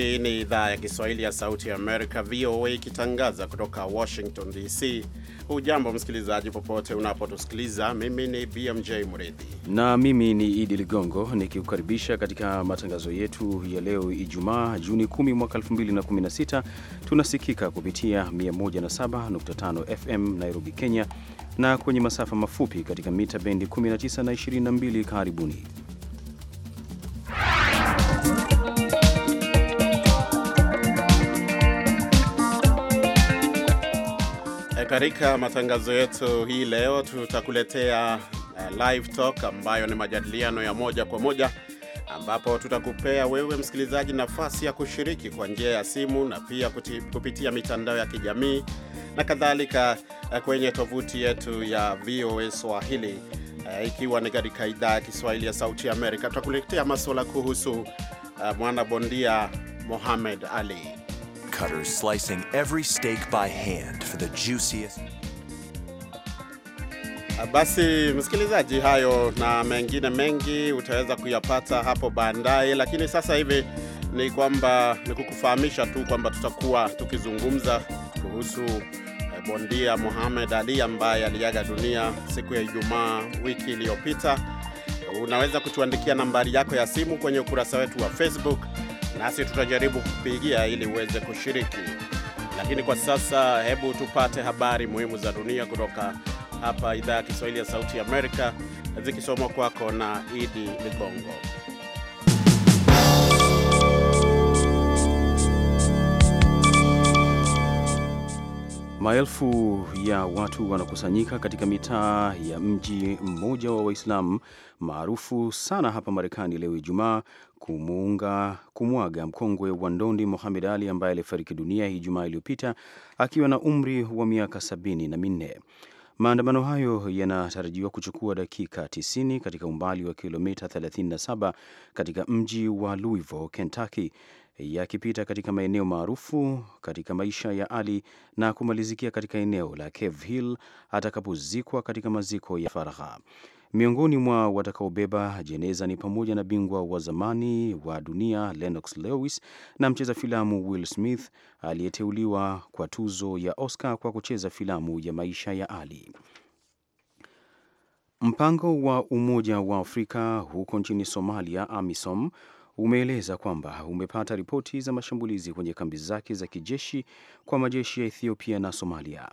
Hii ni idhaa ya Kiswahili ya Sauti ya Amerika, VOA, ikitangaza kutoka Washington DC. Hujambo msikilizaji, popote unapotusikiliza. Mimi ni BMJ Mridhi na mimi ni Idi Ligongo nikikukaribisha katika matangazo yetu ya leo Ijumaa Juni 10 mwaka 2016. Tunasikika kupitia 107.5 FM Nairobi, Kenya, na kwenye masafa mafupi katika mita bendi 19 na 22. Karibuni. Katika matangazo yetu hii leo tutakuletea uh, live talk ambayo ni majadiliano ya moja kwa moja ambapo tutakupea wewe msikilizaji nafasi ya kushiriki kwa njia ya simu na pia kuti, kupitia mitandao ya kijamii na kadhalika eh, kwenye tovuti yetu ya VOA Swahili uh, ikiwa ni katika idhaa ya Kiswahili ya Sauti Amerika. Tutakuletea masuala kuhusu uh, mwanabondia Mohamed Ali cutters slicing every steak by hand for the juiciest. Ah, basi msikilizaji, hayo na mengine mengi utaweza kuyapata hapo baadaye, lakini sasa hivi ni kwamba ni kukufahamisha tu kwamba tutakuwa tukizungumza kuhusu eh, bondia Muhammad Ali ambaye aliaga dunia siku ya Ijumaa wiki iliyopita. Unaweza kutuandikia nambari yako ya simu kwenye ukurasa wetu wa Facebook nasi tutajaribu kupigia ili uweze kushiriki. Lakini kwa sasa, hebu tupate habari muhimu za dunia kutoka hapa idhaa ya Kiswahili ya Sauti ya Amerika, zikisomwa kwako na Idi Ligongo. Maelfu ya watu wanakusanyika katika mitaa ya mji mmoja wa Waislamu maarufu sana hapa Marekani leo Ijumaa kumuunga kumwaga mkongwe wa ndondi Muhammad Ali ambaye alifariki dunia Ijumaa iliyopita akiwa na umri wa miaka sabini na minne. Maandamano hayo yanatarajiwa kuchukua dakika 90 katika umbali wa kilomita 37 katika mji wa Louisville, Kentucky yakipita katika maeneo maarufu katika maisha ya Ali na kumalizikia katika eneo la Cave Hill atakapozikwa katika maziko ya faragha. Miongoni mwa watakaobeba jeneza ni pamoja na bingwa wa zamani wa dunia Lennox Lewis na mcheza filamu Will Smith aliyeteuliwa kwa tuzo ya Oscar kwa kucheza filamu ya maisha ya Ali. Mpango wa Umoja wa Afrika huko nchini Somalia, AMISOM, umeeleza kwamba umepata ripoti za mashambulizi kwenye kambi zake za kijeshi kwa majeshi ya Ethiopia na Somalia.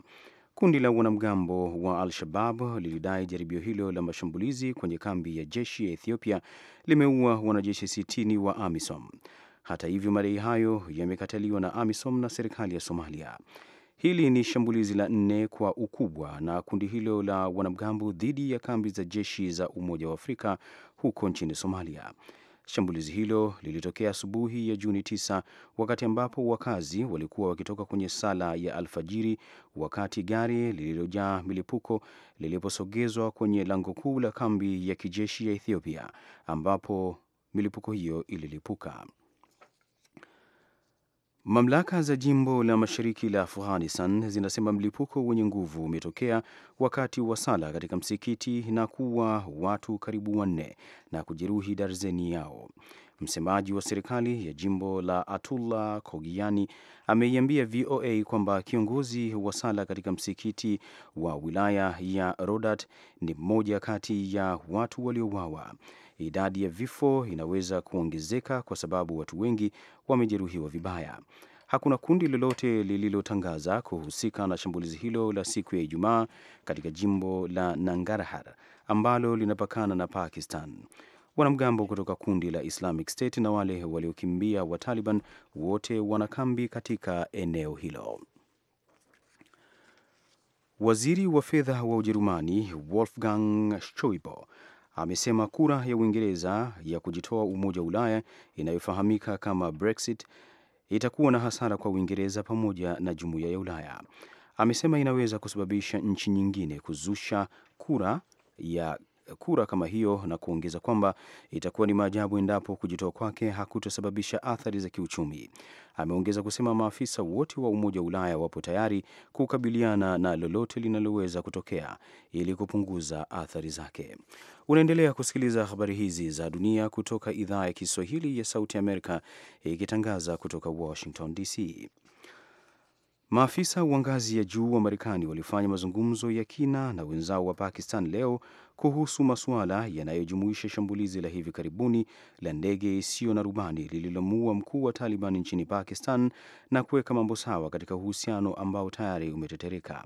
Kundi la wanamgambo wa Al-Shabab lilidai jaribio hilo la mashambulizi kwenye kambi ya jeshi ya Ethiopia limeua wanajeshi sitini wa AMISOM. Hata hivyo, madai hayo yamekataliwa na AMISOM na serikali ya Somalia. Hili ni shambulizi la nne kwa ukubwa na kundi hilo la wanamgambo dhidi ya kambi za jeshi za Umoja wa Afrika huko nchini Somalia. Shambulizi hilo lilitokea asubuhi ya Juni 9 wakati ambapo wakazi walikuwa wakitoka kwenye sala ya alfajiri, wakati gari lililojaa milipuko liliposogezwa kwenye lango kuu la kambi ya kijeshi ya Ethiopia ambapo milipuko hiyo ililipuka. Mamlaka za jimbo la mashariki la Afghanistan zinasema mlipuko wenye nguvu umetokea wakati wa sala katika msikiti na kuua watu karibu wanne na kujeruhi darzeni yao. Msemaji wa serikali ya jimbo la Atullah Kogiani ameiambia VOA kwamba kiongozi wa sala katika msikiti wa wilaya ya Rodat ni mmoja kati ya watu waliouawa. Idadi ya vifo inaweza kuongezeka kwa sababu watu wengi wamejeruhiwa vibaya. Hakuna kundi lolote lililotangaza kuhusika na shambulizi hilo la siku ya Ijumaa katika jimbo la Nangarhar ambalo linapakana na Pakistan. Wanamgambo kutoka kundi la Islamic State na wale waliokimbia wa Taliban wote wana kambi katika eneo hilo. Waziri wa fedha wa Ujerumani Wolfgang Schäuble amesema kura ya Uingereza ya kujitoa Umoja wa Ulaya inayofahamika kama Brexit itakuwa na hasara kwa Uingereza pamoja na jumuiya ya Ulaya. Amesema inaweza kusababisha nchi nyingine kuzusha kura ya kura kama hiyo na kuongeza kwamba itakuwa ni maajabu endapo kujitoa kwake hakutosababisha athari za kiuchumi. Ameongeza kusema maafisa wote wa Umoja wa Ulaya wapo tayari kukabiliana na lolote linaloweza kutokea ili kupunguza athari zake. Unaendelea kusikiliza habari hizi za dunia kutoka idhaa ya Kiswahili ya Sauti Amerika ikitangaza kutoka Washington DC. Maafisa wa ngazi ya juu wa Marekani walifanya mazungumzo ya kina na wenzao wa Pakistan leo kuhusu masuala yanayojumuisha shambulizi la hivi karibuni la ndege isiyo na rubani lililomuua mkuu wa Taliban nchini Pakistan na kuweka mambo sawa katika uhusiano ambao tayari umetetereka.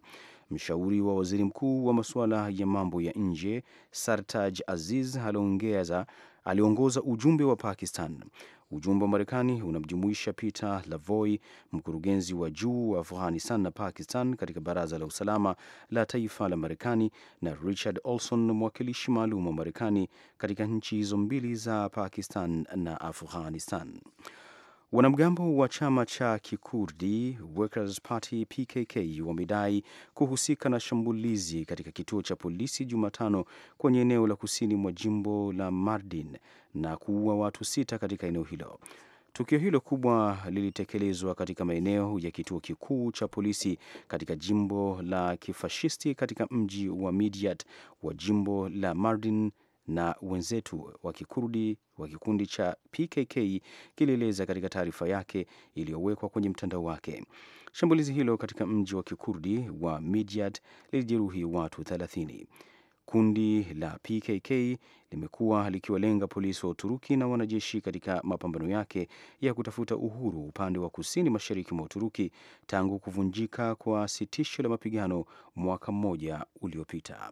Mshauri wa waziri mkuu wa masuala ya mambo ya nje Sartaj Aziz aliongeza aliongoza ujumbe wa Pakistan. Ujumbe wa Marekani unamjumuisha Peter Lavoy, mkurugenzi wa juu wa Afghanistan na Pakistan katika Baraza la Usalama la Taifa la Marekani, na Richard Olson, mwakilishi maalum wa Marekani katika nchi hizo mbili za Pakistan na Afghanistan. Wanamgambo wa chama cha Kikurdi Workers Party PKK wamedai kuhusika na shambulizi katika kituo cha polisi Jumatano kwenye eneo la kusini mwa jimbo la Mardin na kuua watu sita katika eneo hilo. Tukio hilo kubwa lilitekelezwa katika maeneo ya kituo kikuu cha polisi katika jimbo la kifashisti katika mji wa Midyat wa jimbo la Mardin na wenzetu wa Kikurdi wa kikundi cha PKK kilieleza katika taarifa yake iliyowekwa kwenye mtandao wake. Shambulizi hilo katika mji wa Kikurdi wa Midyat lilijeruhi watu 30. Kundi la PKK limekuwa likiwalenga polisi wa Uturuki na wanajeshi katika mapambano yake ya kutafuta uhuru upande wa kusini mashariki mwa Uturuki tangu kuvunjika kwa sitisho la mapigano mwaka mmoja uliopita.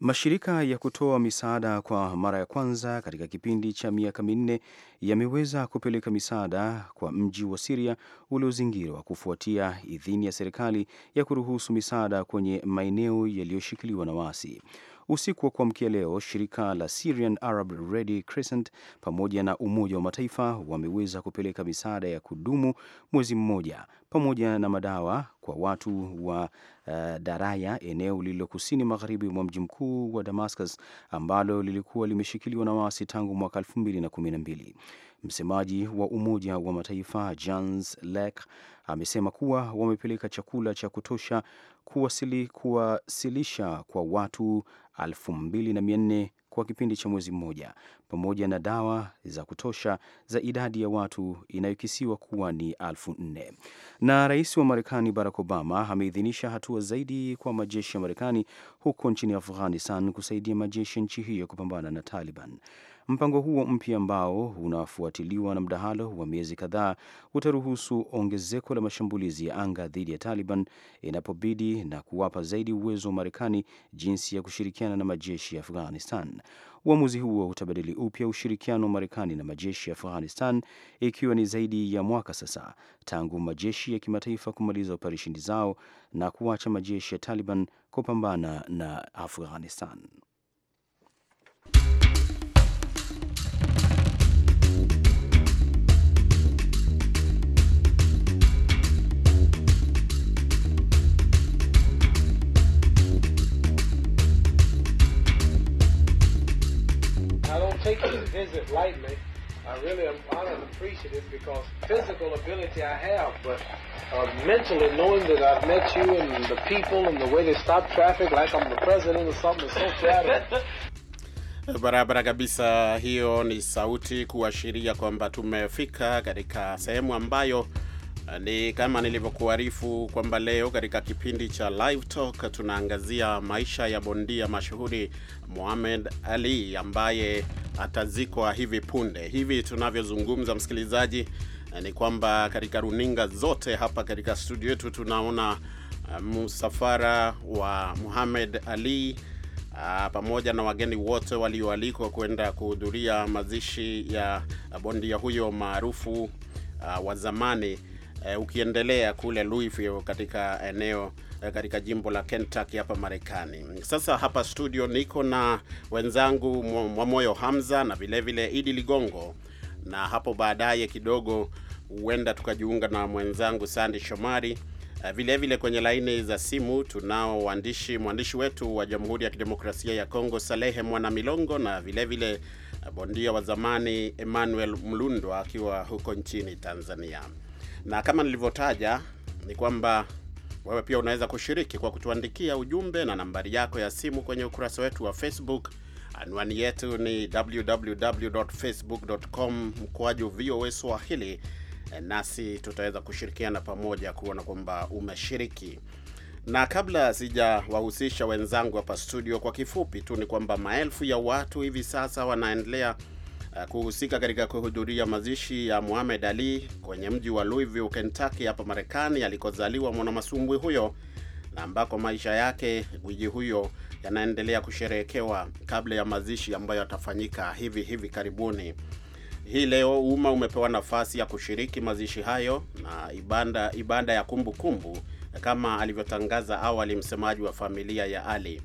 Mashirika ya kutoa misaada kwa mara ya kwanza katika kipindi cha miaka minne yameweza kupeleka misaada kwa mji wa Siria uliozingirwa kufuatia idhini ya serikali ya kuruhusu misaada kwenye maeneo yaliyoshikiliwa na waasi. Usiku wa kuamkia leo, shirika la Syrian Arab Red Crescent pamoja na Umoja wa Mataifa wameweza kupeleka misaada ya kudumu mwezi mmoja pamoja na madawa kwa watu wa uh, Daraya, eneo lililo kusini magharibi mwa mji mkuu wa Damascus ambalo lilikuwa limeshikiliwa na waasi tangu mwaka 2012. Msemaji wa Umoja wa Mataifa Jens Lek amesema kuwa wamepeleka chakula cha kutosha kuwasili, kuwasilisha kwa watu 2400 kwa kipindi cha mwezi mmoja pamoja na dawa za kutosha za idadi ya watu inayokisiwa kuwa ni 4 Na rais wa Marekani Barack Obama ameidhinisha hatua zaidi kwa majeshi ya Marekani huko nchini Afghanistan kusaidia majeshi ya nchi hiyo kupambana na Taliban. Mpango huo mpya ambao unafuatiliwa na mdahalo wa miezi kadhaa utaruhusu ongezeko la mashambulizi ya anga dhidi ya Taliban inapobidi na kuwapa zaidi uwezo wa Marekani jinsi ya kushirikiana na majeshi ya Afghanistan. Uamuzi huo utabadili upya ushirikiano wa Marekani na majeshi ya Afghanistan, ikiwa ni zaidi ya mwaka sasa tangu majeshi ya kimataifa kumaliza operesheni zao na kuacha majeshi ya Taliban kupambana na Afghanistan. taking this visit lightly. I really am honored and appreciative because physical ability I have, but uh, mentally knowing that I've met you and the people and the way they stop traffic like I'm the president or something is so flattering. Barabara kabisa. Hiyo ni sauti kuashiria kwamba tumefika katika sehemu ambayo ni kama nilivyokuarifu kwamba leo katika kipindi cha Live Talk tunaangazia maisha ya bondia mashuhuri Muhammad Ali ambaye atazikwa hivi punde. Hivi tunavyozungumza, msikilizaji, ni kwamba katika runinga zote hapa katika studio yetu tunaona eh, msafara wa Muhammad Ali eh, pamoja na wageni wote walioalikwa kwenda kuhudhuria mazishi ya bondia huyo maarufu eh, wa zamani e, ukiendelea kule Louisville katika eneo e, katika jimbo la Kentucky hapa Marekani. Sasa hapa studio niko na wenzangu Mwamoyo Hamza na vilevile Idi Ligongo, na hapo baadaye kidogo huenda tukajiunga na mwenzangu Sandy Shomari. Vilevile eh, vile kwenye laini za simu tunao waandishi mwandishi wetu wa Jamhuri ya Kidemokrasia ya Kongo Salehe mwana milongo na vilevile vile bondia wa zamani Emmanuel Mlundwa akiwa huko nchini Tanzania na kama nilivyotaja ni kwamba wewe pia unaweza kushiriki kwa kutuandikia ujumbe na nambari yako ya simu kwenye ukurasa wetu wa Facebook. Anwani yetu ni www.facebook.com mkoaju VOA Swahili, eh, nasi tutaweza kushirikiana pamoja kuona kwamba umeshiriki. Na kabla sijawahusisha wenzangu hapa studio, kwa kifupi tu ni kwamba maelfu ya watu hivi sasa wanaendelea Uh, kuhusika katika kuhudhuria mazishi ya muhamed Ali kwenye mji wa Louisville, Kentucky hapa Marekani alikozaliwa mwanamasumbwi huyo na ambako maisha yake gwiji huyo yanaendelea kusherehekewa kabla ya mazishi ambayo yatafanyika hivi hivi karibuni. Hii leo umma umepewa nafasi ya kushiriki mazishi hayo na ibada ibada ya kumbukumbu kumbu, kama alivyotangaza awali msemaji wa familia ya Ali.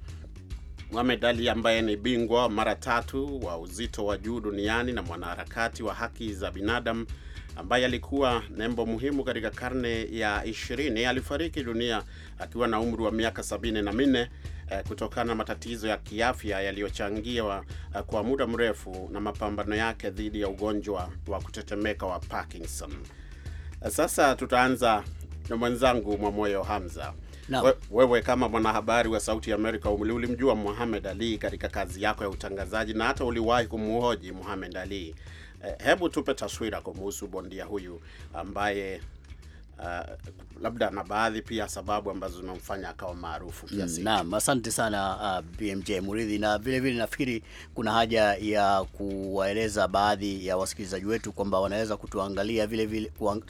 Mohamed Ali ambaye ni bingwa mara tatu wa uzito wa juu duniani na mwanaharakati wa haki za binadamu ambaye alikuwa nembo muhimu katika karne ya 20 alifariki dunia akiwa na umri wa miaka 74 eh, kutokana na matatizo ya kiafya yaliyochangiwa eh, kwa muda mrefu na mapambano yake dhidi ya ugonjwa wa kutetemeka wa Parkinson. Sasa tutaanza na mwenzangu Mwamoyo Hamza. We, wewe kama mwanahabari wa Sauti ya Amerika ulimjua muhamed Ali katika kazi yako ya utangazaji na hata uliwahi kumuhoji muhamed Ali. Eh, hebu tupe taswira kumuhusu bondia huyu ambaye Uh, labda na baadhi pia sababu ambazo zimemfanya akawa maarufu kiasi. Mm, naam, asante sana uh, BMJ Muridhi, na vile vile nafikiri kuna haja ya kuwaeleza baadhi ya wasikilizaji wetu kwamba wanaweza kutuangalia vile vile kuang,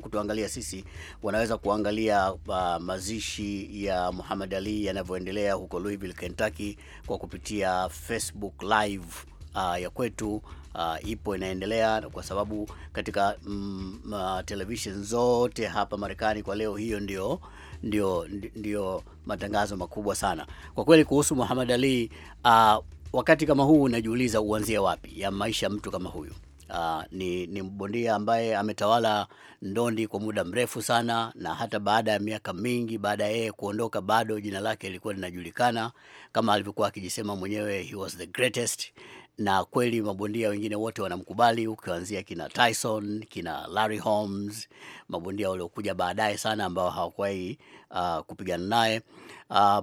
kutuangalia sisi, wanaweza kuangalia uh, mazishi ya Muhammad Ali yanavyoendelea huko Louisville, Kentucky kwa kupitia Facebook live uh, ya kwetu uh, ipo inaendelea, kwa sababu katika mm, uh, television zote hapa Marekani kwa leo hiyo ndio, ndio, ndio matangazo makubwa sana kwa kweli kuhusu Muhammad Ali. Uh, wakati kama huu unajiuliza uanzie wapi ya maisha mtu kama huyu. Uh, ni, ni mbondia ambaye ametawala ndondi kwa muda mrefu sana, na hata baada ya miaka mingi baada ya yeye kuondoka bado jina lake lilikuwa linajulikana kama alivyokuwa akijisema mwenyewe, he was the greatest na kweli mabondia wengine wote wanamkubali, ukianzia kina Tyson, kina Larry Holmes, mabondia waliokuja baadaye sana ambao hawakuwahi uh, kupigana naye uh,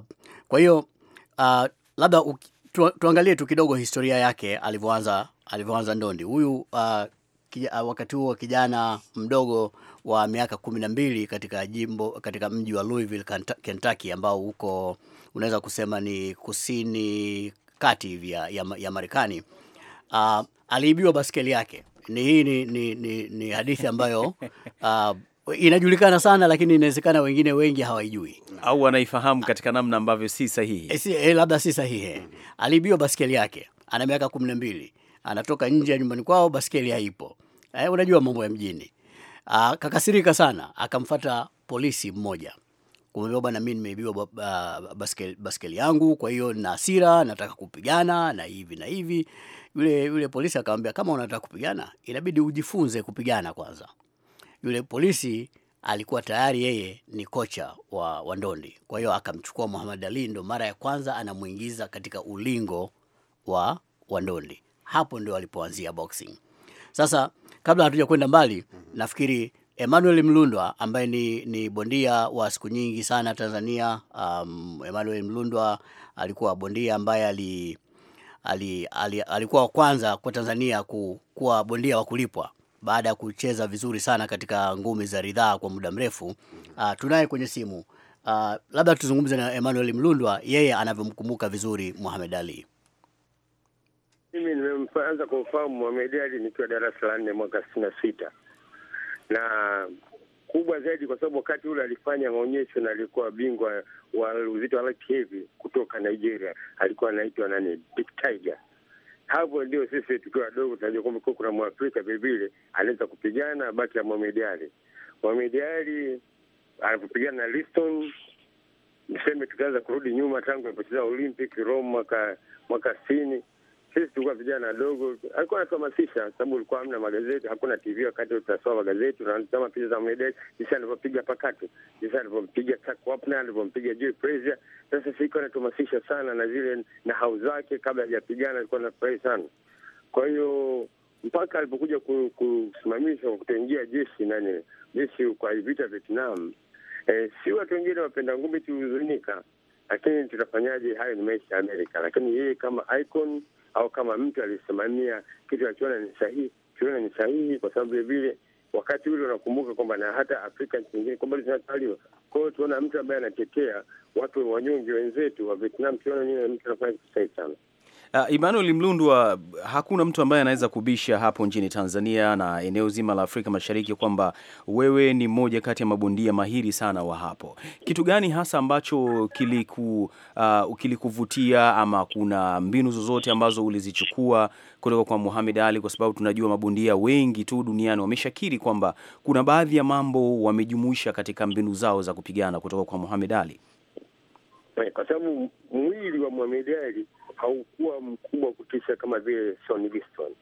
kwa hiyo uh, labda tu, tuangalie tu kidogo historia yake alivyoanza alivyoanza ndondi huyu uh, uh, wakati huo kijana mdogo wa miaka kumi na mbili katika jimbo katika mji wa Louisville, Kentucky ambao uko unaweza kusema ni kusini kati hivi ya, ya, ya Marekani uh, aliibiwa baskeli yake. Ni hii ni, ni, ni, ni hadithi ambayo uh, inajulikana sana lakini inawezekana wengine wengi hawaijui au wanaifahamu katika namna ambavyo si sahihi. Eh, si, e, labda si sahihi. Aliibiwa baskeli yake, ana miaka kumi na mbili, anatoka nje ya nyumbani kwao, baskeli haipo. E, unajua mambo ya mjini. Ah, kakasirika sana, akamfata polisi mmoja kumwambia bwana, mimi nimeibiwa baskeli, baskeli yangu, kwa hiyo na hasira, nataka kupigana na hivi na hivi. Yule yule polisi akamwambia, kama unataka kupigana inabidi ujifunze kupigana kwanza. Yule polisi alikuwa tayari yeye ni kocha wa, wa ndondi, kwa hiyo akamchukua Muhammad Ali, ndo mara ya kwanza anamwingiza katika ulingo wa wa ndondi. Hapo ndio alipoanzia boxing. Sasa kabla hatuja kwenda mbali, nafikiri Emmanuel Mlundwa ambaye ni, ni bondia wa siku nyingi sana Tanzania. Um, Emmanuel Mlundwa alikuwa bondia ambaye ali, ali, ali, alikuwa wa kwanza kwa Tanzania ku, kuwa bondia wa kulipwa baada ya kucheza vizuri sana katika ngumi za ridhaa kwa muda mrefu. Uh, tunaye kwenye simu uh, labda tuzungumze na Emmanuel Mlundwa yeye anavyomkumbuka vizuri Muhammad Ali. Mimi nimeanza kumfahamu Muhammad Ali nikiwa darasa la nne mwaka sitini na sita na kubwa zaidi, kwa sababu wakati ule alifanya maonyesho na alikuwa bingwa wa uzito wa light heavy kutoka Nigeria, alikuwa anaitwa nani, Big Tiger. Hapo ndio sisi tukiwa wadogo tunajua kwamba kuna mwafrika vilevile anaweza kupigana, baki ya mwamediali Ali. Ali anapopigana na Liston, niseme tukaanza kurudi nyuma tangu alipocheza Olympic Rome mwaka mwaka sitini sisi tulikuwa vijana wadogo, alikuwa anatuhamasisha sababu ulikuwa hamna magazeti, hakuna TV wakati tunasoma magazeti, unatazama picha za Mwidek, jinsi alivyopiga pakatu, jinsi alivyompiga takwapna, Wapner, alivyompiga Joe Frazier. Sasa siko anatuhamasisha sana na zile na hau zake kabla hajapigana, alikuwa anafurahi sana. Kwa hiyo mpaka alipokuja kusimamishwa kwa kutoingia jeshi nani jeshi kwa vita Vietnam, eh, si watu wengine wapenda ngumi tuhuzunika, lakini tutafanyaje? Hayo ni maisha ya Amerika, lakini yeye kama icon au kama mtu alisimamia kitu alichoona ni sahihi, kiona ni sahihi, kwa sababu vilevile wakati ule unakumbuka kwamba na hata Afrika nchi nyingine kwamba zinatawaliwa. Kwa hiyo tuona mtu ambaye anatetea watu wanyonge wenzetu wa Vietnam, tuona mtu anafanya kitu sahihi sana. Uh, Emmanuel Mlundwa, hakuna mtu ambaye anaweza kubisha hapo nchini Tanzania na eneo zima la Afrika Mashariki kwamba wewe ni mmoja kati ya mabondia mahiri sana wa hapo. Kitu gani hasa ambacho kiliku, uh, kilikuvutia ama kuna mbinu zozote ambazo ulizichukua kutoka kwa Muhammad Ali, kwa sababu tunajua mabondia wengi tu duniani wameshakiri kwamba kuna baadhi ya mambo wamejumuisha katika mbinu zao za kupigana kutoka kwa Muhammad Ali, kwa sababu mwili wa Muhammad Ali haukuwa mkubwa kutisha kama vile Sonny Liston,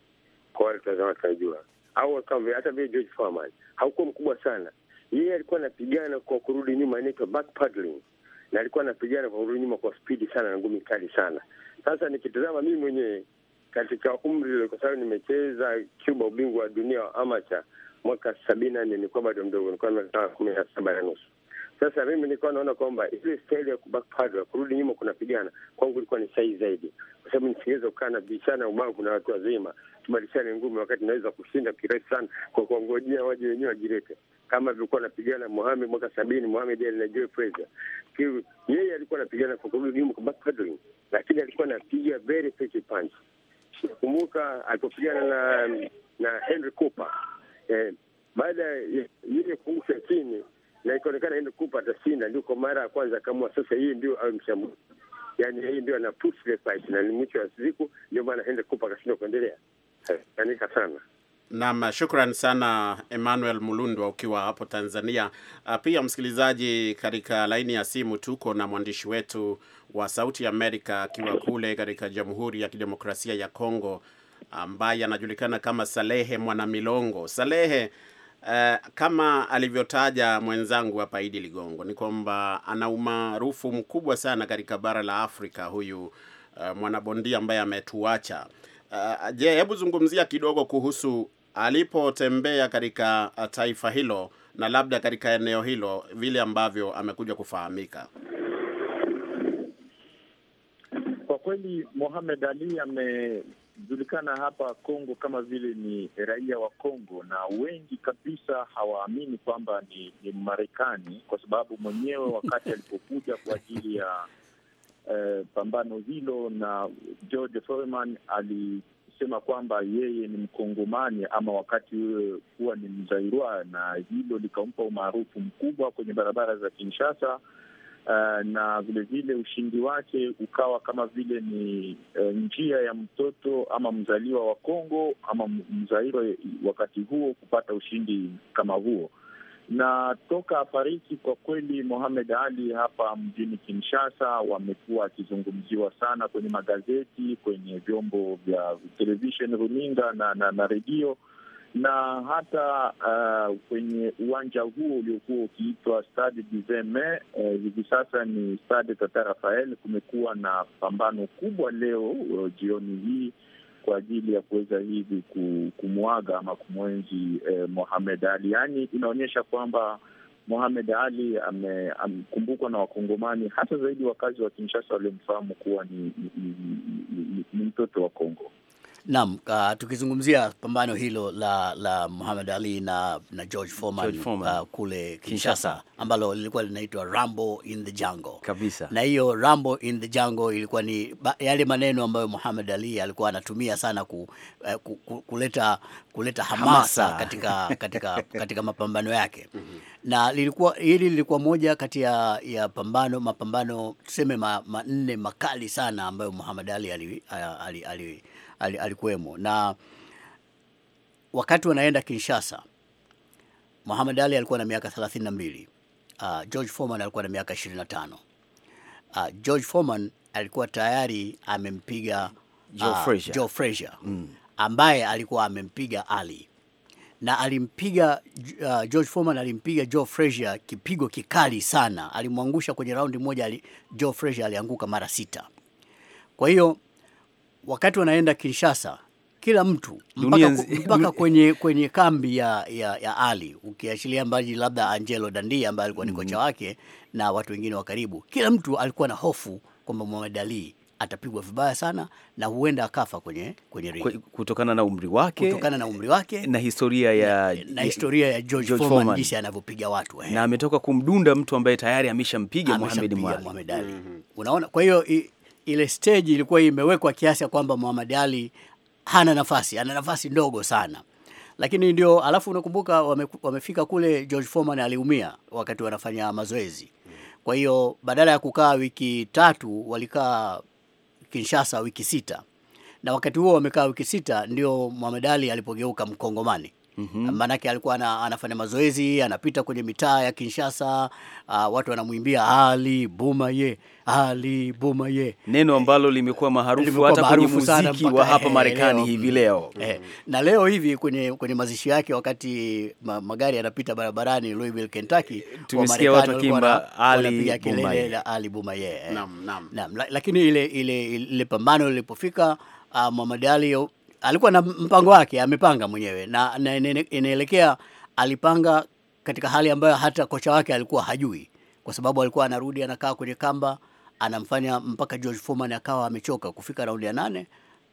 kwa wale watazamaji tunajua, au kama vile hata vile George Foreman haukuwa mkubwa sana. Yeye alikuwa anapigana kwa kurudi nyuma, inaitwa back paddling, na alikuwa anapigana kwa kurudi nyuma kwa spidi sana na ngumi kali sana. Sasa nikitazama mimi mwenyewe katika umri, kwa sababu nimecheza Cuba ubingwa wa dunia wa amateur mwaka sabini na nne, nikuwa bado mdogo, nikuwa na miaka kumi na saba na nusu sasa mimi nilikuwa naona kwamba ile staili ya kubakpadwa kurudi nyuma kunapigana kwangu ilikuwa ni sahihi zaidi, kwa sababu nisingeweza kukaa na bishana ubavu na watu wazima tubadilishane ngumi, wakati naweza kushinda kirahisi sana kwa kuwangojea waje wenyewe wajilete, kama vilikuwa napigana Mohamed mwaka sabini, Mohamed Ali na Joe Frazier. Yeye alikuwa anapigana kwa kurudi nyuma kwa backpedaling, lakini alikuwa anapiga very effective punch. Kumbuka alipopigana na na Henry Cooper eh, baada ya yeye kuungusha chini na ikaonekana ndio kupa atashinda, ndio kwa mara ya kwanza akaamua sasa hii ndio awe ah, mshambulizi, yani hii ndio ana push the fight, na ni mwisho wa siku ndio maana ende kupa akashinda kuendelea. Eh, kanika sana. Naam, shukran sana Emmanuel Mulundwa ukiwa hapo Tanzania. Ah, pia msikilizaji, katika laini ya simu tuko na mwandishi wetu wa Sauti ya Amerika akiwa kule katika Jamhuri ya Kidemokrasia ya Kongo ambaye anajulikana kama Salehe Mwanamilongo. Salehe, Eh, kama alivyotaja mwenzangu hapa Idi Ligongo ni kwamba ana umaarufu mkubwa sana katika bara la Afrika huyu uh, eh, mwanabondia ambaye ametuacha. Uh, je, hebu zungumzia kidogo kuhusu alipotembea katika taifa hilo na labda katika eneo hilo vile ambavyo amekuja kufahamika. Kwa kweli Mohamed Ali ame wanajulikana hapa Kongo kama vile ni raia wa Kongo, na wengi kabisa hawaamini kwamba ni, ni Marekani kwa sababu mwenyewe wakati alipokuja kwa ajili ya eh, pambano hilo na George Foreman alisema kwamba yeye ni Mkongomani ama wakati huyo kuwa ni Mzairwa, na hilo likampa umaarufu mkubwa kwenye barabara za Kinshasa uh, na vilevile ushindi wake ukawa kama vile ni uh, njia ya mtoto ama mzaliwa wa Kongo ama mzairwa wakati huo kupata ushindi kama huo na toka afariki kwa kweli Mohamed Ali hapa mjini Kinshasa, wamekuwa akizungumziwa sana kwenye magazeti, kwenye vyombo vya televishen, runinga na, na, na redio na hata uh, kwenye uwanja huo uliokuwa ukiitwa Stade Dizeme uh, hivi sasa ni Stade Tata Rafael. Kumekuwa na pambano kubwa leo uh, jioni hii kwa ajili ya kuweza hivi kumwaga ama kumwenzi uh, Mohamed Ali. Yaani inaonyesha kwamba Mohamed Ali amekumbukwa na Wakongomani, hata zaidi wakazi wa Kinshasa waliomfahamu kuwa ni, ni, ni, ni, ni mtoto wa Kongo. Naam, uh, tukizungumzia pambano hilo la, la Muhammad Ali na, na George Foreman, George Foreman. Uh, kule Kinshasa ambalo lilikuwa linaitwa rambo in the Jungle kabisa, na hiyo rambo in the Jungle ilikuwa ni yale maneno ambayo Muhammad Ali alikuwa anatumia sana ku, uh, ku, ku, kuleta, kuleta hamasa, hamasa. Katika, katika, katika mapambano yake mm -hmm. na lilikuwa hili lilikuwa moja kati ya, ya pambano mapambano tuseme manne ma, makali sana ambayo Muhammad Ali ali, ali, ali, ali alikuwemo. Na wakati wanaenda Kinshasa, Muhammad Ali alikuwa na miaka 32, uh, ah, George Foreman alikuwa na miaka 25. Uh, ah, George Foreman alikuwa tayari amempiga uh, Joe Frazier mm, ambaye alikuwa amempiga Ali na alimpiga uh, George Foreman alimpiga Joe Frazier kipigo kikali sana, alimwangusha kwenye raundi moja ali, Joe Frazier alianguka mara sita. Kwa hiyo wakati wanaenda Kinshasa kila mtu mpaka, kwenye, kwenye kambi ya, ya, ya Ali ukiachilia mbali labda Angelo dandi ambaye alikuwa ni mm -hmm. kocha wake na watu wengine wa karibu, kila mtu alikuwa na hofu kwamba Muhammad Ali atapigwa vibaya sana na huenda akafa kwenye, kwenye ringi kutokana na umri wake, kutokana na umri wake na historia ya, na, na historia ya George, George Foreman jinsi anavyopiga watu he. Eh. Na ametoka kumdunda mtu ambaye tayari ameshampiga Muhammad Ali. Mm-hmm. Unaona, kwa hiyo ile stage ilikuwa imewekwa kiasi ya kwamba Muhammad Ali hana nafasi, ana nafasi ndogo sana lakini ndio, alafu unakumbuka wame, wamefika kule George Foreman aliumia wakati wanafanya mazoezi. Kwa hiyo badala ya kukaa wiki tatu walikaa Kinshasa wiki sita, na wakati huo wamekaa wiki sita ndio Muhammad Ali alipogeuka Mkongomani mm -hmm. Maanake alikuwa ana, anafanya mazoezi, anapita kwenye mitaa ya Kinshasa, uh, watu wanamwimbia Ali Bomaye, Ali Bomaye, neno ambalo limekuwa maarufu hata kwenye muziki wa hapa eh, Marekani hivi leo mm -hmm. eh, na leo hivi kwenye, kwenye mazishi yake wakati ma, magari yanapita barabarani Louisville, Kentucky, eh, tumesikia watu wakiimba Ali Bomaye, Ali Bomaye, eh. naam, naam, naam, lakini ile ile ile pambano lilipofika Uh, Muhammad Ali alikuwa na mpango wake amepanga mwenyewe na, na inaelekea alipanga katika hali ambayo hata kocha wake alikuwa hajui, kwa sababu alikuwa anarudi anakaa kwenye kamba anamfanya mpaka George Foreman akawa amechoka. Kufika raundi ya nane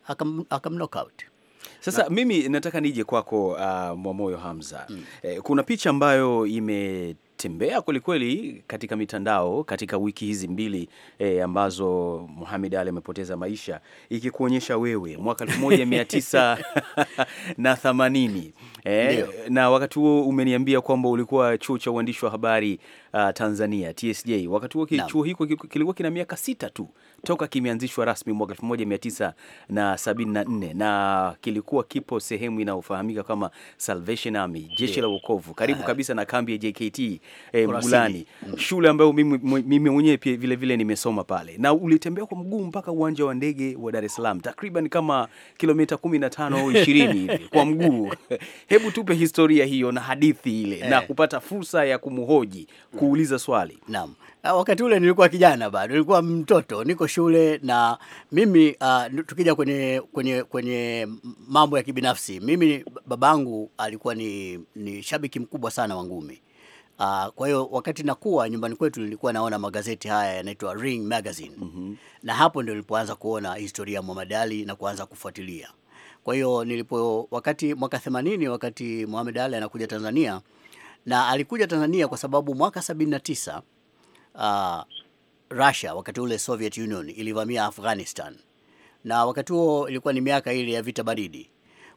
akam, akam knockout. Sasa na, mimi nataka nije kwako uh, Mwamoyo Hamza mm. Eh, kuna picha ambayo ime umetembea kwelikweli katika mitandao katika wiki hizi mbili e, ambazo Muhammad Ali amepoteza maisha, ikikuonyesha wewe mwaka 1980 e, eh, na wakati huo umeniambia kwamba ulikuwa chuo cha uandishi wa habari uh, Tanzania TSJ. Wakati huo chuo hiko kilikuwa kina miaka sita tu toka kimeanzishwa rasmi mwaka 1974 na kilikuwa kipo sehemu inayofahamika kama Salvation Army, jeshi yeah. la wokovu karibu Aha. kabisa na kambi ya JKT eh, Mbulani mm. shule ambayo mimi, mimi mwenyewe pia vile vile nimesoma pale, na ulitembea kwa mguu mpaka uwanja wa ndege wa Dar es Salaam takriban kama kilomita 15 au 20 hivi kwa mguu. Hebu tupe historia hiyo na hadithi ile eh. na kupata fursa ya kumhoji kuuliza swali. Naam. Ah, wakati ule nilikuwa kijana bado, nilikuwa mtoto, niko shule na mimi uh, tukija kwenye kwenye kwenye mambo ya kibinafsi, mimi babangu alikuwa ni, ni shabiki mkubwa sana wa ngumi. Uh, kwa hiyo wakati nakuwa nyumbani kwetu nilikuwa naona magazeti haya yanaitwa Ring Magazine. Mm -hmm. Na hapo ndio nilipoanza kuona historia ya Muhammad Ali na kuanza kufuatilia. Kwa hiyo nilipo wakati mwaka 80 wakati Muhammad Ali anakuja Tanzania na alikuja Tanzania kwa sababu mwaka 79 uh, ah, Russia wakati ule Soviet Union ilivamia Afghanistan, na wakati huo ilikuwa ni miaka ile ya vita baridi.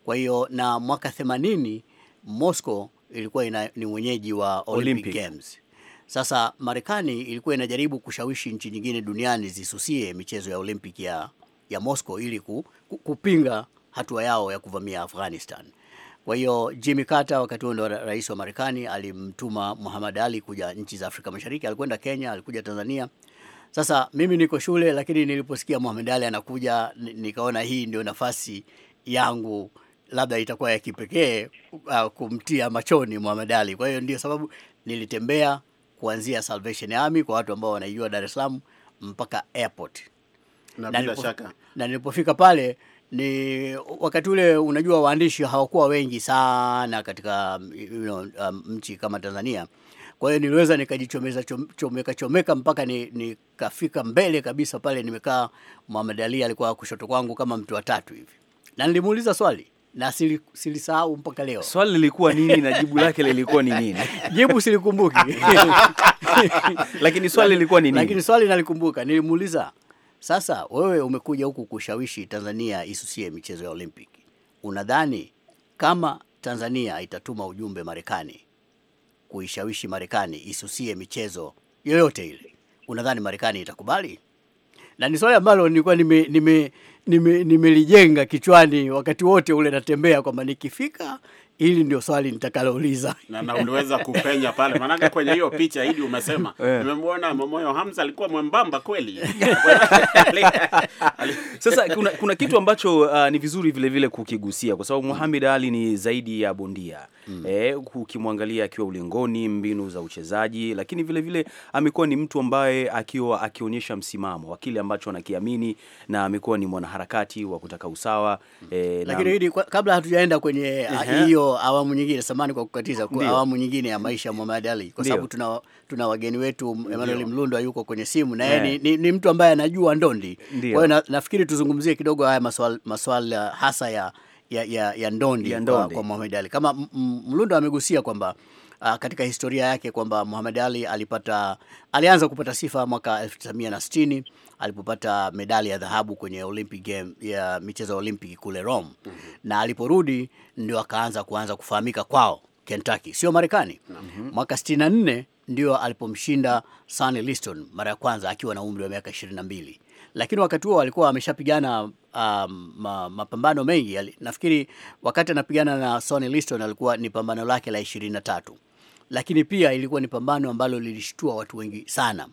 Kwa hiyo na mwaka 80 Moscow ilikuwa ina, ni mwenyeji wa Olympic, Olympic Games. Sasa Marekani ilikuwa inajaribu kushawishi nchi nyingine duniani zisusie michezo ya Olympic ya, ya Moscow ili ku, ku, kupinga hatua yao ya kuvamia Afghanistan. Kwa hiyo Jimmy Carter wakati huo ndo rais wa Marekani alimtuma Muhammad Ali kuja nchi za Afrika Mashariki. Alikwenda Kenya, alikuja Tanzania. Sasa mimi niko shule, lakini niliposikia Muhammad Ali anakuja nikaona hii ndio nafasi yangu, labda itakuwa ya kipekee uh, kumtia machoni Muhammad Ali. Kwa hiyo ndio sababu nilitembea kuanzia Salvation Army kwa watu ambao wanaijua Dar es Salaam mpaka airport na, na bila nilipo, shaka na nilipofika pale ni wakati ule, unajua waandishi hawakuwa wengi sana katika you know, um, mchi kama Tanzania. Kwa hiyo niliweza nikajichomeza chomeka chomeka mpaka nikafika ni mbele kabisa pale nimekaa. Muhammad Ali alikuwa kushoto kwangu kama mtu wa tatu hivi, na nilimuuliza swali na silisahau mpaka leo. Swali lilikuwa nini na jibu lake lilikuwa ni nini? Jibu silikumbuki, lakini swali lilikuwa ni nini? Lakini swali nalikumbuka, nilimuuliza sasa wewe umekuja huku kushawishi Tanzania isusie michezo ya Olympic. Unadhani kama Tanzania itatuma ujumbe Marekani kuishawishi Marekani isusie michezo yoyote ile, unadhani Marekani itakubali? Na ni swali ambalo nilikuwa nimelijenga nime, nime, nime kichwani wakati wote ule natembea, kwamba nikifika Hili ndio swali nitakalouliza na, na uliweza kupenya pale, maanake kwenye hiyo picha Idi umesema yeah. Nimemwona Momoyo Hamza alikuwa mwembamba kweli Sasa kuna, kuna kitu ambacho uh, ni vizuri vile vile kukigusia kwa sababu Muhammad Ali ni zaidi ya bondia mm. Eh, ukimwangalia akiwa ulingoni, mbinu za uchezaji, lakini vile vile amekuwa ni mtu ambaye akiwa akionyesha msimamo wa kile ambacho anakiamini na amekuwa ni mwanaharakati wa kutaka usawa mm. Eh, lakini na... Hidi, kabla hatujaenda kwenye uh, hiyo awamu nyingine, samani kwa kukatiza, kwa awamu nyingine ya maisha ya Muhammad Ali, kwa sababu tuna, tuna wageni wetu Emmanuel Mlundwa yuko kwenye simu na yeye eh. ni, ni, ni mtu ambaye anajua ndondi. Kwa hiyo na, nafikiri tuzungumzie kidogo haya maswala maswala uh, hasa ya ya, ya, ya ndondi, ya ndondi, kwa, kwa Muhammad Ali kama mlundo amegusia kwamba Uh, katika historia yake kwamba Muhammad Ali alipata alianza kupata sifa mwaka 1960 alipopata medali ya dhahabu kwenye Olympic game ya michezo ya Olympic kule Rome mm -hmm. na aliporudi ndio akaanza kuanza kufahamika kwao Kentucky, sio Marekani mm -hmm. mwaka 64 ndio alipomshinda Sonny Liston mara ya kwanza akiwa na umri wa miaka 22 lakini wakati huo alikuwa ameshapigana um, mapambano mengi. Nafikiri wakati anapigana na Sonny Liston alikuwa ni pambano lake la 23, lakini pia ilikuwa ni pambano ambalo lilishtua watu wengi sana,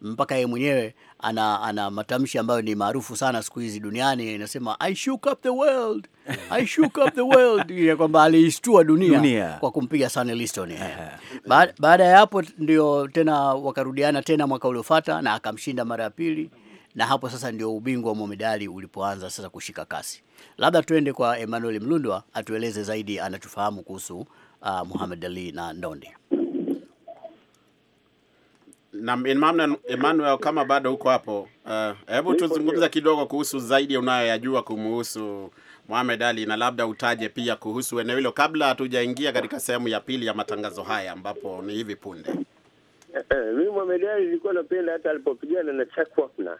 mpaka yeye mwenyewe ana, ana matamshi ambayo ni maarufu sana siku hizi duniani, inasema I shook up the world, I shook up the world, ya kwamba aliistua dunia, dunia kwa kumpiga Sonny Liston. Eh. Baada baada ya hapo ndio tena wakarudiana tena mwaka uliofuata na akamshinda mara ya pili, na hapo sasa ndio ubingwa wa medali ulipoanza sasa kushika kasi. Labda tuende kwa Emmanuel Mlundwa atueleze zaidi anachofahamu kuhusu uh, Muhammad Ali na ndondi na Emmanuel, kama bado huko hapo, eh, hebu uh, kidogo kuhusu zaidi unayoyajua kumuhusu Mohamed Ali na labda utaje pia kuhusu eneo hilo kabla hatujaingia katika sehemu ya pili ya matangazo haya ambapo ni hivi punde. Eh, eh, mimi Mohamed Ali nilikuwa napenda hata alipopigana na Chuck Wapner.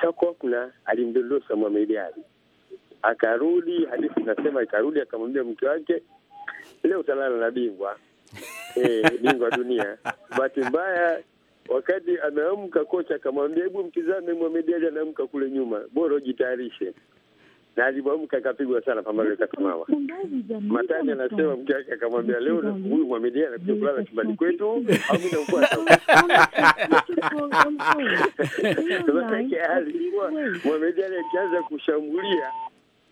Chuck Wapner alimdondosha Mohamed Ali, akarudi, hadithi inasema ikarudi, akamwambia mke wake, leo utalala na bingwa eh, bingwa dunia. Bahati mbaya wakati ameamka kocha akamwambia, hebu mtizame Mohamed Ali anaamka kule nyuma, bora ujitayarishe. Na alivyoamka akapigwa sana pambano likatumawa. Matani anasema mke wake akamwambia, leo huyu Mohamed Ali anakuja kulala chumbani kwetu au mimi nafuata. Mohamed Ali akianza kushambulia,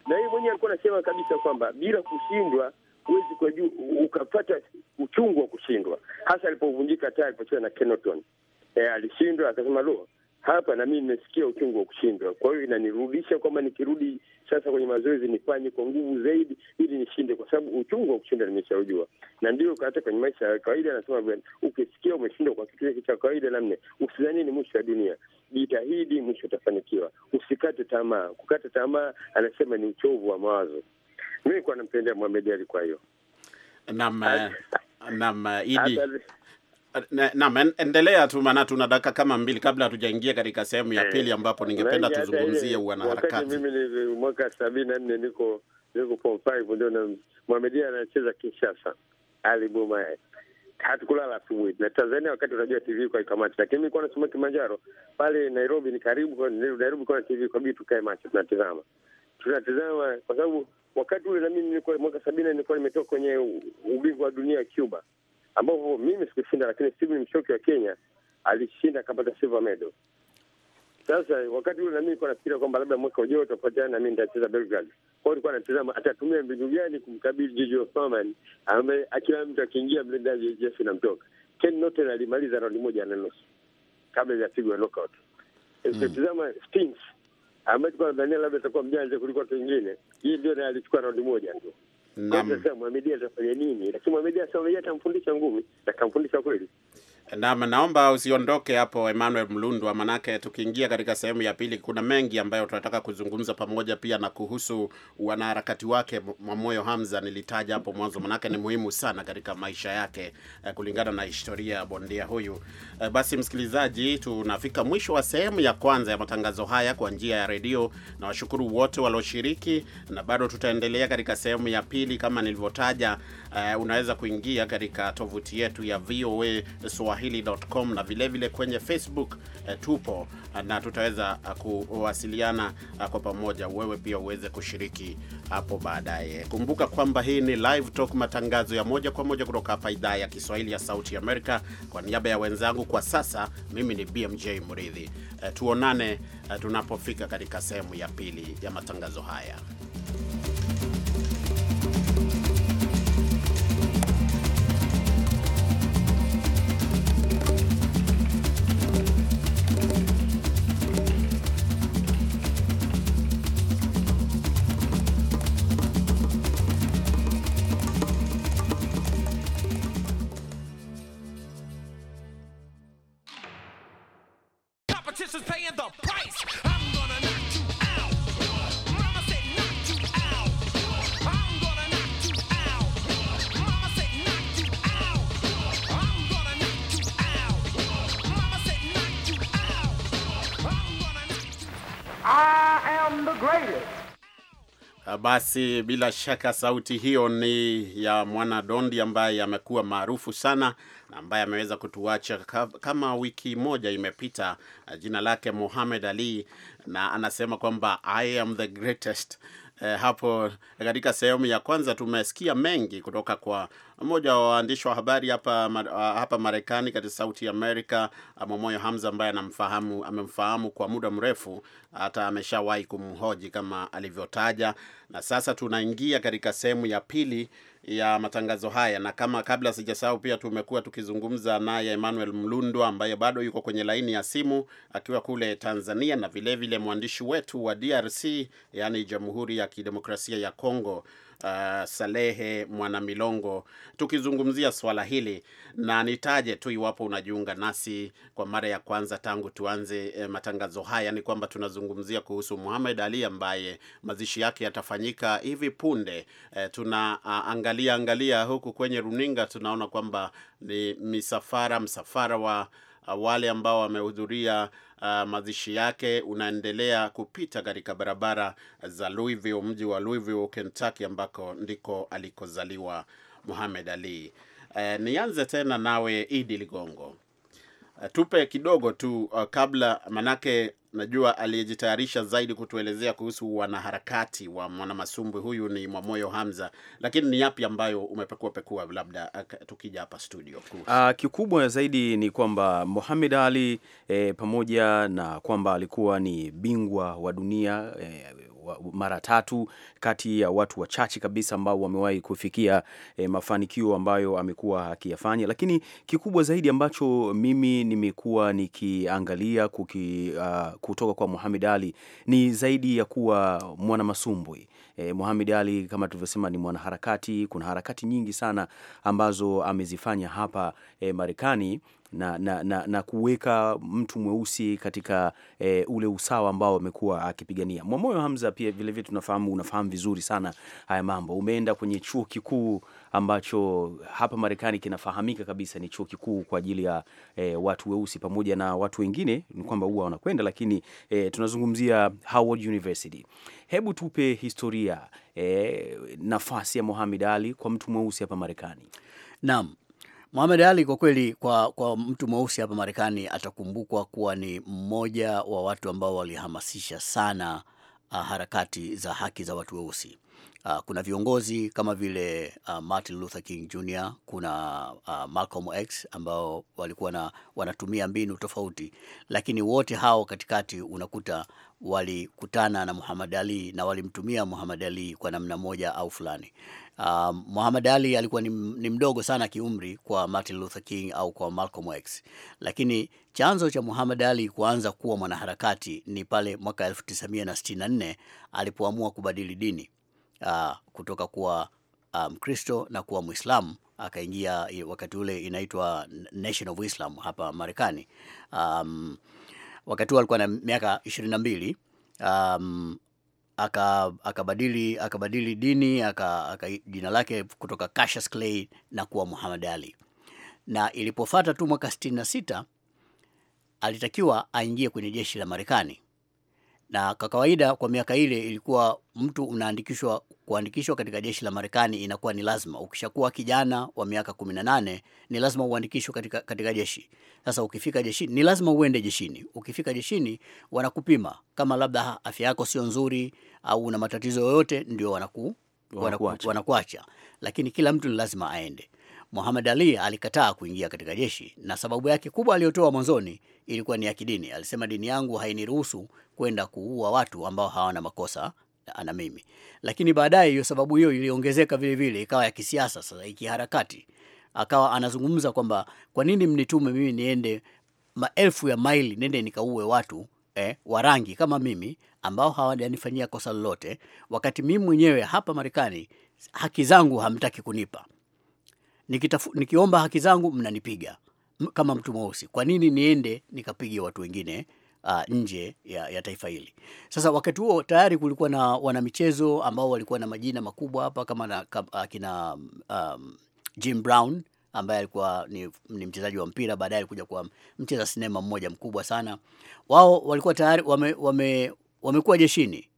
na yeye mwenyewe alikuwa anasema kabisa kwamba bila kushindwa huwezi kwa juu ukapata uchungu wa kushindwa, hasa alipovunjika taa alipocheza na Kenoton. E, eh, alishindwa akasema, lo, hapa na mi nimesikia uchungu wa kushindwa. Kwa hiyo inanirudisha kwamba nikirudi sasa kwenye mazoezi nifanye kwa nguvu zaidi ili nishinde, kwa sababu uchungu wa kushindwa nimeshaujua. Na ndio hata kwenye maisha ya kawaida anasema ukisikia umeshindwa kwa kitu hiki cha kawaida namne, usidhani ni mwisho wa dunia, jitahidi, mwisho utafanikiwa. Usikate tamaa. Kukata tamaa anasema ni uchovu wa mawazo mi nilikuwa nampendea Mohamed Ali kwa hiyo nam nam idi Naam, endelea tu, maana tuna dakika kama mbili kabla hatujaingia katika sehemu ya pili ambapo ningependa tuzungumzie wanaharakati. Mimi ni mwaka sabini na nne niko niko form five ndio na Mohamed anacheza Kinshasa, aliboma hatukulala asubuhi na Tanzania wakati unajua TV kwa ika machi, lakini nilikuwa nasoma Kilimanjaro pale Nairobi, ni karibu kwa Nairobi kwa TV kwa bibi, tukae macho tunatizama tunatizama kwa sababu wakati ule na mimi nilikuwa mwaka sabini nilikuwa nimetoka kwenye ubingwa wa dunia ya Cuba ambapo mimi sikushinda, lakini Stephen Mshoki wa Kenya alishinda akapata silver medal. Sasa wakati ule nami nilikuwa nafikiria kwamba labda mwaka ujao utapatana nami nitacheza Belgrade. Kwa hiyo nilikuwa natazama atatumia mbinu gani kumkabili George Foreman ambaye kila mtu akiingia mlindaji Jeff inamtoka. Ken Norton alimaliza raundi moja na nusu kabla ya kupigwa knockout. Mm. Ukitazama Spinks ambaye kwa nadhania labda atakuwa mjanja kuliko watu wengine. Hii ndio na alichukua raundi moja tu. Naam. Sasa Mohamed atafanya nini? Lakini Mohamed atamfundisha ngumi, atakamfundisha kweli. Naam, naomba usiondoke hapo Emmanuel Mlundwa, manake tukiingia katika sehemu ya pili kuna mengi ambayo tunataka kuzungumza pamoja, pia na kuhusu wanaharakati wake Mwamoyo Hamza nilitaja hapo mwanzo, manake ni muhimu sana katika maisha yake eh, kulingana na historia ya bondia huyu. Eh, basi msikilizaji, tunafika mwisho wa sehemu ya kwanza ya matangazo haya kwa njia ya redio, na washukuru wote walioshiriki, na bado tutaendelea katika sehemu ya pili kama nilivyotaja uh, unaweza kuingia katika tovuti yetu ya VOA swahili.com na vilevile vile kwenye Facebook uh, tupo uh, na tutaweza uh, kuwasiliana uh, kwa pamoja, wewe pia uweze kushiriki hapo baadaye. Kumbuka kwamba hii ni live talk, matangazo ya moja kwa moja kutoka hapa idhaa ya Kiswahili ya Sauti Amerika. Kwa niaba ya wenzangu kwa sasa, mimi ni BMJ Mridhi. Uh, tuonane uh, tunapofika katika sehemu ya pili ya matangazo haya. politicians paying the price. I'm gonna knock you out. Mama said knock you out. I'm gonna knock you out. Mama said knock you out. I'm gonna knock you out. Mama said knock you out. I'm gonna knock you out. I am the greatest. Ah, basi bila shaka sauti hiyo ni ya mwana dondi ambaye amekuwa maarufu sana na ambaye ameweza kutuacha kama wiki moja imepita. Ah, jina lake Muhammad Ali, na anasema kwamba I am the greatest eh, hapo katika sehemu ya kwanza tumesikia mengi kutoka kwa mmoja wa waandishi wa habari hapa ah, hapa Marekani katika Sauti Amerika, ah, Momoyo Hamza ambaye anamfahamu amemfahamu kwa muda mrefu, hata ameshawahi kumhoji kama alivyotaja, na sasa tunaingia katika sehemu ya pili ya matangazo haya, na kama kabla sijasahau, pia tumekuwa tukizungumza naye Emmanuel Mlundwa ambaye bado yuko kwenye laini ya simu akiwa kule Tanzania, na vilevile mwandishi wetu wa DRC, yaani Jamhuri ya Kidemokrasia ya Kongo uh, Salehe Mwanamilongo tukizungumzia swala hili, na nitaje tu iwapo unajiunga nasi kwa mara ya kwanza tangu tuanze eh, matangazo haya ni kwamba tunazungumzia kuhusu Muhammad Ali ambaye mazishi yake yatafanyika hivi punde. Eh, tuna uh, angalia angalia huku kwenye runinga tunaona kwamba ni misafara msafara wa ah, wale ambao wamehudhuria uh, mazishi yake unaendelea kupita katika barabara za Louisville, mji wa Louisville, Kentucky, ambako ndiko alikozaliwa Muhammad Ali. Uh, nianze tena nawe Idi Ligongo, uh, tupe kidogo tu uh, kabla manake najua aliyejitayarisha zaidi kutuelezea kuhusu wanaharakati wa mwanamasumbwi huyu ni Mwamoyo Hamza, lakini ni yapi ambayo umepekua pekua, labda uh, tukija hapa studio? Uh, kikubwa zaidi ni kwamba Mohamed Ali eh, pamoja na kwamba alikuwa ni bingwa wa dunia eh, mara tatu, kati ya watu wachache kabisa ambao wamewahi kufikia e, mafanikio ambayo amekuwa akiyafanya. Lakini kikubwa zaidi ambacho mimi nimekuwa nikiangalia kuki, uh, kutoka kwa Muhammad Ali ni zaidi ya kuwa mwanamasumbwi. E, eh, Muhammad Ali kama tulivyosema ni mwanaharakati. Kuna harakati nyingi sana ambazo amezifanya hapa e, Marekani na, na, na, na kuweka mtu mweusi katika e, ule usawa ambao amekuwa akipigania. Mwamoyo Hamza pia vilevile tunafahamu, unafahamu vizuri sana haya mambo. Umeenda kwenye chuo kikuu ambacho hapa Marekani kinafahamika kabisa ni chuo kikuu kwa ajili ya e, watu weusi pamoja na watu wengine, ni kwamba huwa wanakwenda lakini, e, tunazungumzia Howard University. Hebu tupe historia e, nafasi ya Muhammad Ali kwa mtu mweusi hapa Marekani. Naam, Muhammad Ali kwa kweli, kwa, kwa mtu mweusi hapa Marekani atakumbukwa kuwa ni mmoja wa watu ambao walihamasisha sana uh, harakati za haki za watu weusi. Uh, kuna viongozi kama vile uh, Martin Luther King Jr, kuna uh, Malcolm X ambao walikuwa na, wanatumia mbinu tofauti, lakini wote hao katikati unakuta walikutana na Muhammad Ali na walimtumia Muhammad Ali kwa namna moja au fulani. Uh, Muhammad Ali alikuwa ni, ni mdogo sana kiumri kwa Martin Luther King au kwa Malcolm X, lakini chanzo cha Muhammad Ali kuanza kuwa mwanaharakati ni pale mwaka 1964 alipoamua kubadili dini uh, kutoka kuwa uh, Mkristo um, na kuwa Mwislamu akaingia wakati ule inaitwa Nation of Islam hapa Marekani. Um, wakati huo alikuwa na miaka mbili. Um, aka akabadili akabadili dini aka, aka jina lake kutoka Cassius Clay na kuwa Muhammad Ali, na ilipofata tu mwaka 66 alitakiwa aingie kwenye jeshi la Marekani na kwa kawaida kwa miaka ile ilikuwa mtu unaandikishwa kuandikishwa katika jeshi la Marekani inakuwa ni lazima. Ukishakuwa kijana wa miaka 18 ni lazima uandikishwe katika, katika jeshi. Sasa ukifika jeshini ni lazima uende jeshini. Ukifika jeshini wanakupima kama labda afya yako sio nzuri au una matatizo yoyote, ndio wanaku wanakuacha, wanakuacha. Lakini kila mtu ni lazima aende. Muhammad Ali alikataa kuingia katika jeshi na sababu yake kubwa aliyotoa mwanzoni ilikuwa ni ya kidini. Alisema dini yangu hainiruhusu kwenda kuua watu ambao hawana makosa na mimi. Lakini baadaye hiyo sababu hiyo iliongezeka vile vile ikawa ya kisiasa, sasa ikiharakati, akawa anazungumza kwamba kwa nini mnitume mimi niende maelfu ya maili nende nikauwe watu eh, wa rangi kama mimi ambao hawajanifanyia kosa lolote, wakati mimi mwenyewe hapa Marekani haki zangu hamtaki kunipa nikitafu, nikiomba haki zangu mnanipiga kama mtu mweusi. Kwa nini niende nikapige watu wengine uh, nje ya, ya taifa hili? Sasa wakati huo tayari kulikuwa na wanamichezo ambao walikuwa na majina makubwa hapa kama akina um, Jim Brown ambaye alikuwa ni, ni mchezaji wa mpira baadaye alikuja kuwa mcheza sinema mmoja mkubwa sana. Wao walikuwa tayari wame, wame, wamekuwa jeshini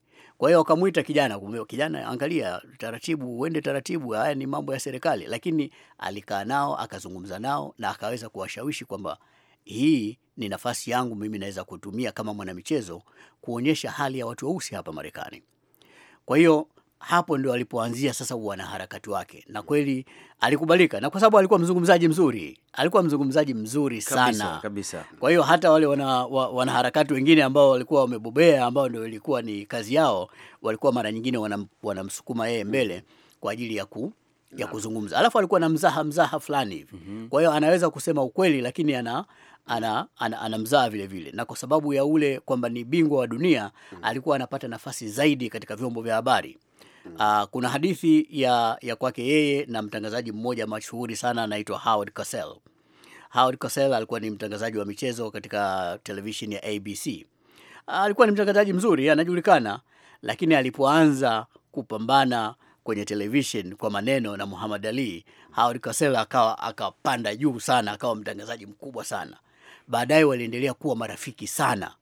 kwa hiyo wakamwita kijana, kumbe kijana, angalia taratibu, uende taratibu, haya ni mambo ya serikali. Lakini alikaa nao akazungumza nao na akaweza kuwashawishi kwamba hii ni nafasi yangu mimi, naweza kutumia kama mwanamichezo kuonyesha hali ya watu weusi hapa Marekani. Kwa hiyo hapo ndio alipoanzia sasa wanaharakati wake, na kweli alikubalika, na kwa sababu alikuwa mzungumzaji mzuri, alikuwa mzungumzaji mzuri sana kabisa, kabisa. Kwa hiyo hata wale wana, wa, wanaharakati wengine ambao walikuwa wamebobea, ambao ndio ilikuwa ni kazi yao, walikuwa mara nyingine wanamsukuma wana yeye mbele kwa ajili ya ku ya kuzungumza, alafu alikuwa na mzaha mzaha fulani hivi mm -hmm. Kwa hiyo anaweza kusema ukweli lakini ana ana, ana, ana mzaha vile vile, na kwa sababu ya ule kwamba ni bingwa wa dunia mm -hmm. Alikuwa anapata nafasi zaidi katika vyombo vya habari. Uh, kuna hadithi ya, ya kwake yeye na mtangazaji mmoja mashuhuri sana anaitwa Howard Cosell. Howard Cosell alikuwa ni mtangazaji wa michezo katika televisheni ya ABC. Uh, ah, alikuwa ni mtangazaji mzuri, anajulikana, lakini alipoanza kupambana kwenye television kwa maneno na Muhammad Ali, Howard Cosell akawa akapanda juu sana, akawa mtangazaji mkubwa sana. Baadaye waliendelea kuwa marafiki sana,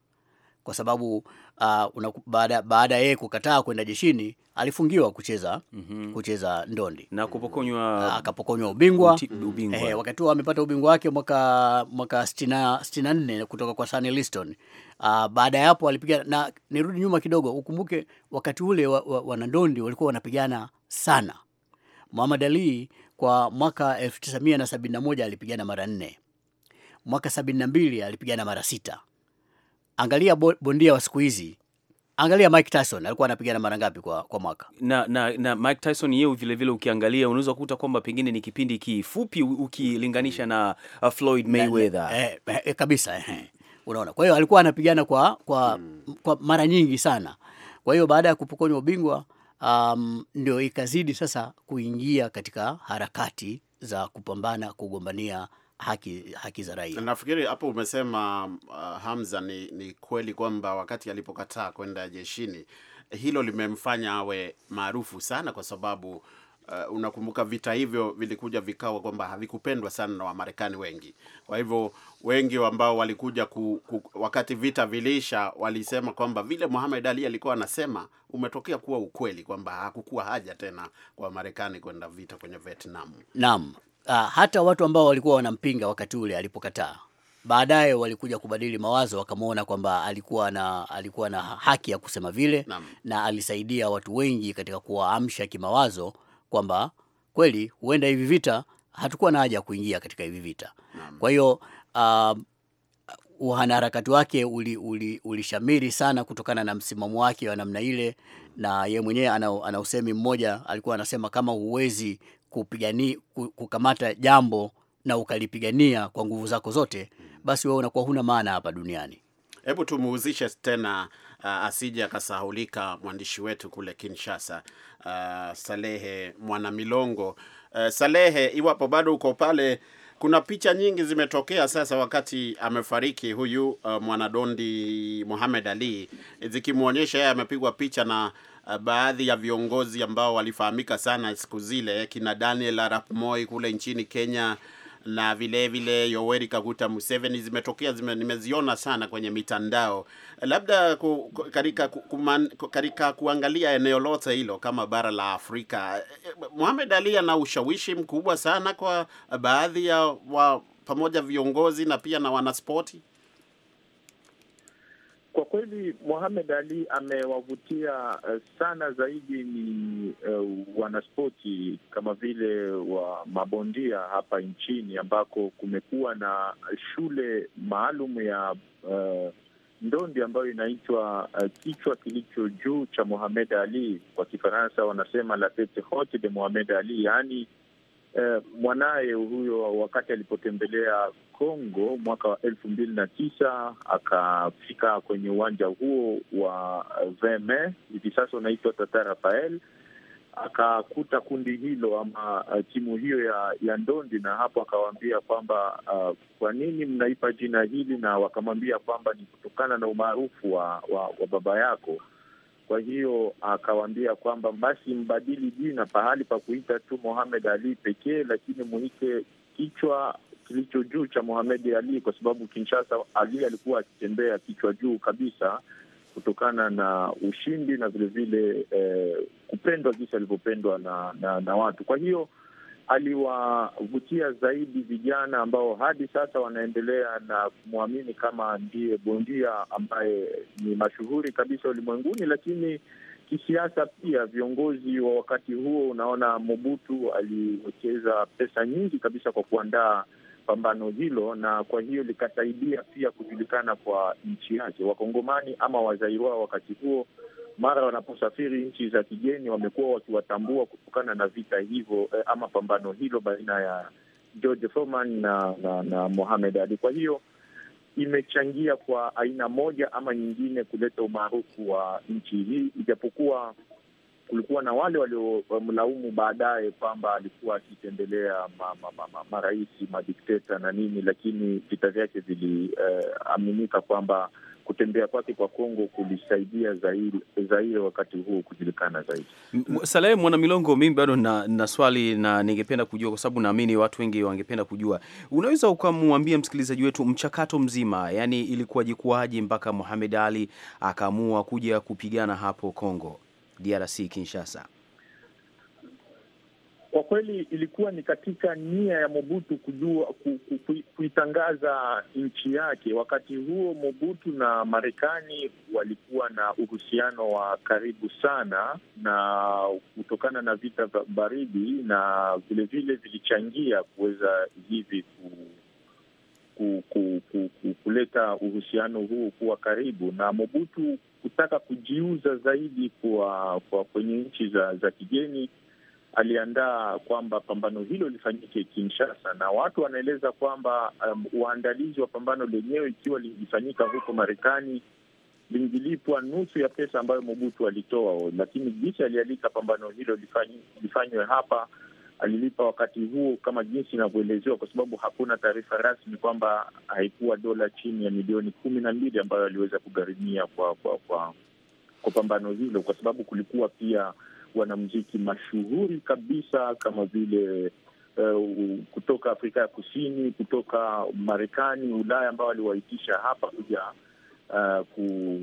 kwa sababu uh, baada baada yeye kukataa kwenda jeshini alifungiwa kucheza mm -hmm. kucheza ndondi na kupokonywa uh, akapokonywa ubingwa, ubingwa. Eh, wakati huo amepata ubingwa wake mwaka mwaka 64 kutoka kwa Sonny Liston. Uh, baada ya hapo alipiga na nirudi nyuma kidogo, ukumbuke wakati ule wa, wa, wa, walikuwa wanapigana sana. Muhammad Ali kwa mwaka 1971 alipigana mara nne, mwaka 72 alipigana mara sita angalia bondia wa siku hizi, angalia Mike Tyson alikuwa anapigana mara ngapi kwa, kwa mwaka na, na, na Mike Tyson yeye vilevile ukiangalia unaweza kukuta kwamba pengine ni kipindi kifupi ukilinganisha na uh, Floyd Mayweather eh, eh, eh kabisa eh, eh. Unaona, kwa hiyo alikuwa anapigana kwa, kwa, hmm. kwa mara nyingi sana. Kwa hiyo baada ya kupokonywa ubingwa um, ndio ikazidi sasa kuingia katika harakati za kupambana kugombania haki, haki za raia. Nafikiri hapo umesema uh, Hamza, ni, ni kweli kwamba wakati alipokataa kwenda jeshini hilo limemfanya awe maarufu sana kwa sababu uh, unakumbuka vita hivyo vilikuja vikawa kwamba havikupendwa sana na Wamarekani wengi. Kwa hivyo wengi ambao walikuja ku, ku, wakati vita viliisha walisema kwamba vile Muhammad Ali alikuwa anasema umetokea kuwa ukweli kwamba hakukuwa haja tena kwa Wamarekani kwenda vita kwenye Vietnam. Naam, uh, hata watu ambao walikuwa wanampinga wakati ule alipokataa baadaye walikuja kubadili mawazo, wakamwona kwamba alikuwa na alikuwa na haki ya kusema vile na, na alisaidia watu wengi katika kuwaamsha kimawazo kwamba kweli huenda hivi vita hatukuwa na haja ya kuingia katika hivi vita. Kwa hiyo uh, ah, uhanaharakati wake ulishamiri uli, uli sana kutokana na msimamo wake wa namna ile, na ye mwenyewe ana, ana usemi mmoja alikuwa anasema, kama huwezi kupigania kukamata jambo na ukalipigania kwa nguvu zako zote, basi wewe unakuwa huna maana hapa duniani. Hebu tumuhuzishe tena uh, asije akasahulika mwandishi wetu kule Kinshasa uh, Salehe Mwanamilongo. Uh, Salehe, iwapo bado uko pale, kuna picha nyingi zimetokea sasa wakati amefariki huyu uh, mwanadondi Muhammad Ali, zikimwonyesha yeye amepigwa picha na Eh, baadhi ya viongozi ambao walifahamika sana siku zile, kina Daniel Arap Moi kule nchini Kenya na vile vile Yoweri Kaguta Museveni zimetokea zime, nimeziona sana kwenye mitandao. Labda ku, katika, kuman, katika kuangalia eneo lote hilo kama bara la Afrika, eh, eh, Muhammad Ali ana ushawishi mkubwa sana kwa baadhi ya wa, pamoja viongozi na pia na wanaspoti. Kwa kweli muhamed Ali amewavutia eh, sana zaidi ni uh, wanaspoti kama vile wa mabondia hapa nchini ambako kumekuwa na shule maalum ya uh, ndondi ambayo inaitwa uh, kichwa kilicho juu cha muhamed Ali. Kwa Kifaransa wanasema la tete haute de Mohamed Ali, yaani uh, mwanaye huyo wakati alipotembelea Kongo mwaka wa elfu mbili na tisa akafika kwenye uwanja huo wa vm hivi sasa unaitwa Tata Rafael, akakuta kundi hilo ama uh, timu hiyo ya, ya ndondi, na hapo akawaambia kwamba uh, kwa nini mnaipa jina hili, na wakamwambia kwamba ni kutokana na umaarufu wa, wa, wa baba yako. Kwa hiyo akawaambia kwamba basi mbadili jina, pahali pa kuita tu Mohamed Ali pekee, lakini muite kichwa kilicho juu cha Mohamed Ali, kwa sababu Kinshasa Ali alikuwa akitembea kichwa juu kabisa kutokana na ushindi na vilevile eh, kupendwa jinsi alivyopendwa na, na, na watu. Kwa hiyo aliwavutia zaidi vijana ambao hadi sasa wanaendelea na kumwamini kama ndiye bondia ambaye ni mashuhuri kabisa ulimwenguni. Lakini kisiasa pia, viongozi wa wakati huo, unaona Mobutu aliwekeza pesa nyingi kabisa kwa kuandaa pambano hilo, na kwa hiyo likasaidia pia kujulikana kwa nchi yake. Wakongomani ama wao wakati huo mara wanaposafiri nchi za kigeni wamekuwa wakiwatambua kutokana na vita hivyo eh, ama pambano hilo baina ya George Foreman na, na, na Mohamed Ali. Kwa hiyo imechangia kwa aina moja ama nyingine kuleta umaarufu wa nchi hii, ijapokuwa kulikuwa na wale waliomlaumu baadaye kwamba alikuwa akitembelea marais ma, ma, madikteta na nini, lakini vita vyake viliaminika eh, kwamba kutembea kwake kwa Kongo kulisaidia Zaire, Zaire wakati huo kujulikana zaidi. Saleh Mwana Milongo, mimi bado na, na swali na ningependa kujua, kwa sababu naamini watu wengi wangependa kujua, unaweza ukamwambia msikilizaji wetu mchakato mzima, yani ilikuwa jikuaji mpaka muhamed Ali akaamua kuja kupigana hapo Kongo? DRC Kinshasa? Kwa kweli ilikuwa ni katika nia ya Mobutu kujua ku, ku, ku, kuitangaza nchi yake. Wakati huo Mobutu na Marekani walikuwa na uhusiano wa karibu sana, na kutokana na vita vya baridi na vilevile vilichangia kuweza hivi ku, ku, ku, ku, ku, kuleta uhusiano huo kuwa karibu na Mobutu kutaka kujiuza zaidi kwa, kwa kwenye nchi za, za kigeni. Aliandaa kwamba pambano hilo lifanyike Kinshasa, na watu wanaeleza kwamba um, uandalizi wa pambano lenyewe ikiwa lilifanyika huko Marekani lingilipwa nusu ya pesa ambayo Mobutu alitoa, lakini jicha alialika pambano hilo lifanywe hapa alilipa wakati huo kama jinsi inavyoelezewa, kwa sababu hakuna taarifa rasmi kwamba haikuwa dola chini ya milioni kumi na mbili ambayo aliweza kugharimia kwa kwa kwa kwa pambano hilo, kwa sababu kulikuwa pia wanamziki mashuhuri kabisa kama vile Uh, kutoka Afrika ya Kusini, kutoka Marekani, Ulaya ambao waliwaitisha hapa kuja uh, ku,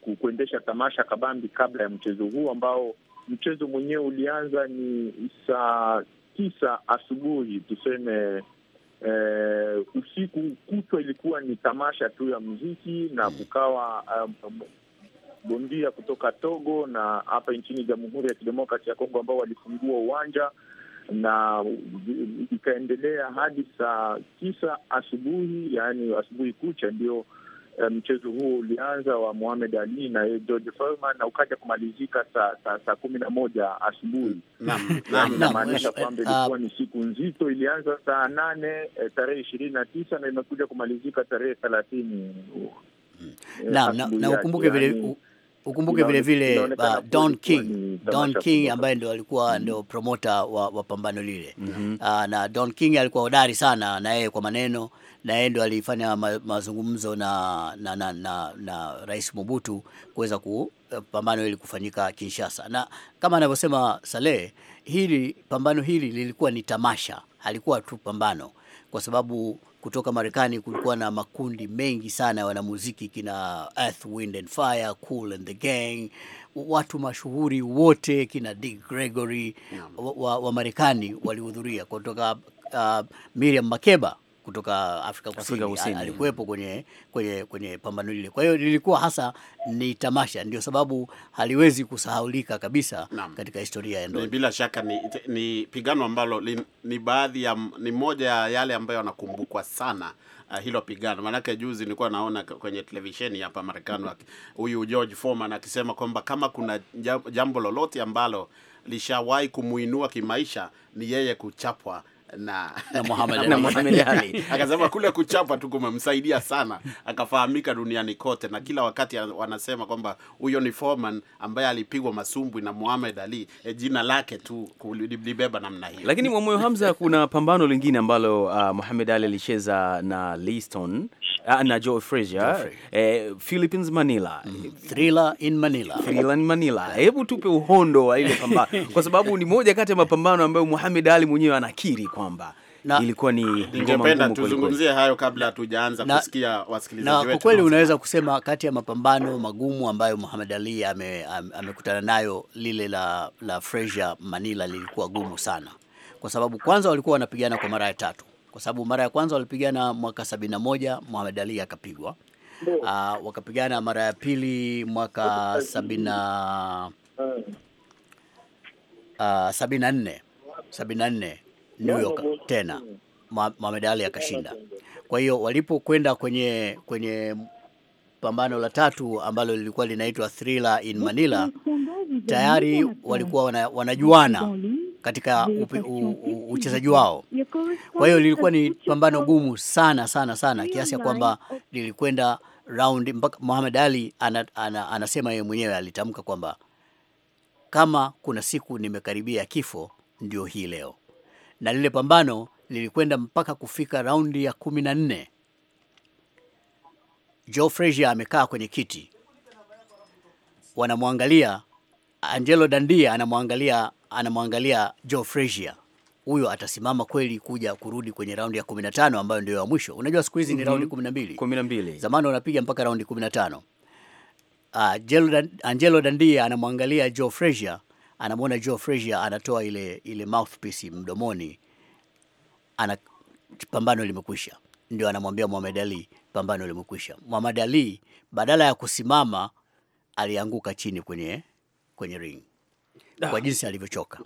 ku, kuendesha tamasha kabambi kabla ya mchezo huu ambao mchezo mwenyewe ulianza ni saa tisa asubuhi tuseme, eh, usiku kutwa ilikuwa ni tamasha tu ya muziki na mm. kukawa um, um, bondia kutoka Togo na hapa nchini Jamhuri ya Kidemokrasi ya Kongo ambao walifungua uwanja na ikaendelea hadi saa tisa asubuhi, yaani asubuhi kucha ndio Eh, mchezo huo ulianza wa Mohamed Ali na eh, George Foreman na ukaja kumalizika saa sa, sa kumi na moja asubuhi. Inamaanisha eh, kwamba ilikuwa ni siku nzito, ilianza saa nane tarehe ishirini na tisa na imekuja kumalizika tarehe thelathini. Na ukumbuke vile ukumbuke vile vile uh, Don King Don King ambaye ndo alikuwa mm-hmm. ndio promota wa, wa pambano lile mm -hmm. Uh, na Don King alikuwa hodari sana na yeye kwa maneno na yeye ndo alifanya ma, mazungumzo na, na, na, na, na Rais Mobutu kuweza kupambano eh, pambano kufanyika Kinshasa, na kama anavyosema Saleh, hili pambano hili lilikuwa ni tamasha, halikuwa tu pambano, kwa sababu kutoka Marekani kulikuwa na makundi mengi sana ya wanamuziki kina Earth, Wind and Fire, Cool and the Gang, watu mashuhuri wote kina Dick Gregory wa, wa Marekani walihudhuria kutoka uh, Miriam Makeba kutoka Afrika Kusini alikuwepo kwenye, kwenye, kwenye pambano lile. Kwa hiyo lilikuwa hasa ni tamasha, ndio sababu haliwezi kusahaulika kabisa Naam. katika historia ya ndondi. Bila shaka ni, ni pigano ambalo ni, ni baadhi ya ni moja ya yale ambayo yanakumbukwa sana Uh, hilo pigano maanake, juzi nilikuwa naona kwenye televisheni hapa Marekani huyu George Foreman akisema kwamba kama kuna jambo lolote ambalo lishawahi kumuinua kimaisha ni yeye kuchapwa na, na Muhammad Muhammad Ali akasema kule kuchapa tu kumemsaidia sana, akafahamika duniani kote, na kila wakati wanasema kwamba huyo ni Foreman ambaye alipigwa masumbwi na Muhammad Ali. E, jina lake tu kulibeba namna hiyo. Lakini Mwamoyo Hamza, kuna pambano lingine ambalo uh, Muhammad Ali alicheza na Liston uh, na Joe Frazier eh, Philippines Manila, mm. Thriller in Manila, Thriller in Manila. Hebu tupe uhondo wa ile pambano, kwa sababu ni moja kati ya mapambano ambayo Muhammad Ali mwenyewe anakiri kwamba na, ilikuwa ni ningependa tuzungumzie hayo kabla hatujaanza kusikia wasikilizaji wetu. Na kwa kweli unaweza kusema kati ya mapambano magumu ambayo Muhammad Ali amekutana ame nayo, lile la, la Frazier Manila lilikuwa gumu sana, kwa sababu kwanza walikuwa wanapigana kwa mara ya tatu, kwa sababu mara ya kwanza walipigana mwaka 71 Muhammad Ali akapigwa. Uh, wakapigana mara ya pili mwaka sabina, uh, eh. ah, sabini nne nne New York tena hmm. Muhammad Ali akashinda. Kwa hiyo walipokwenda kwenye kwenye pambano la tatu ambalo lilikuwa linaitwa Thriller in Manila, tayari walikuwa wana, wanajuana katika uchezaji wao. Kwa hiyo lilikuwa ni pambano gumu sana sana sana kiasi ya kwamba lilikwenda round mpaka Muhammad Ali ana, ana, anasema yeye mwenyewe alitamka kwamba kama kuna siku nimekaribia kifo ndio hii leo na lile pambano lilikwenda mpaka kufika raundi ya kumi na nne. Joe Frazier amekaa kwenye kiti, wanamwangalia. Angelo Dandia anamwangalia, anamwangalia Joe Frazier, huyo atasimama kweli kuja kurudi kwenye raundi ya 15 ambayo ndio ya mwisho. Unajua siku hizi ni mhm. raundi 12. 12. Zamani wanapiga mpaka raundi 15. Uh, ah, Angelo Dandia anamwangalia Joe Frazier anamwona Joe Frazier anatoa ile, ile mouthpiece mdomoni, ana pambano limekwisha, ndio anamwambia Muhammad Ali pambano limekwisha. Muhammad Ali badala ya kusimama alianguka chini kwenye, kwenye ring kwa ah. jinsi alivyochoka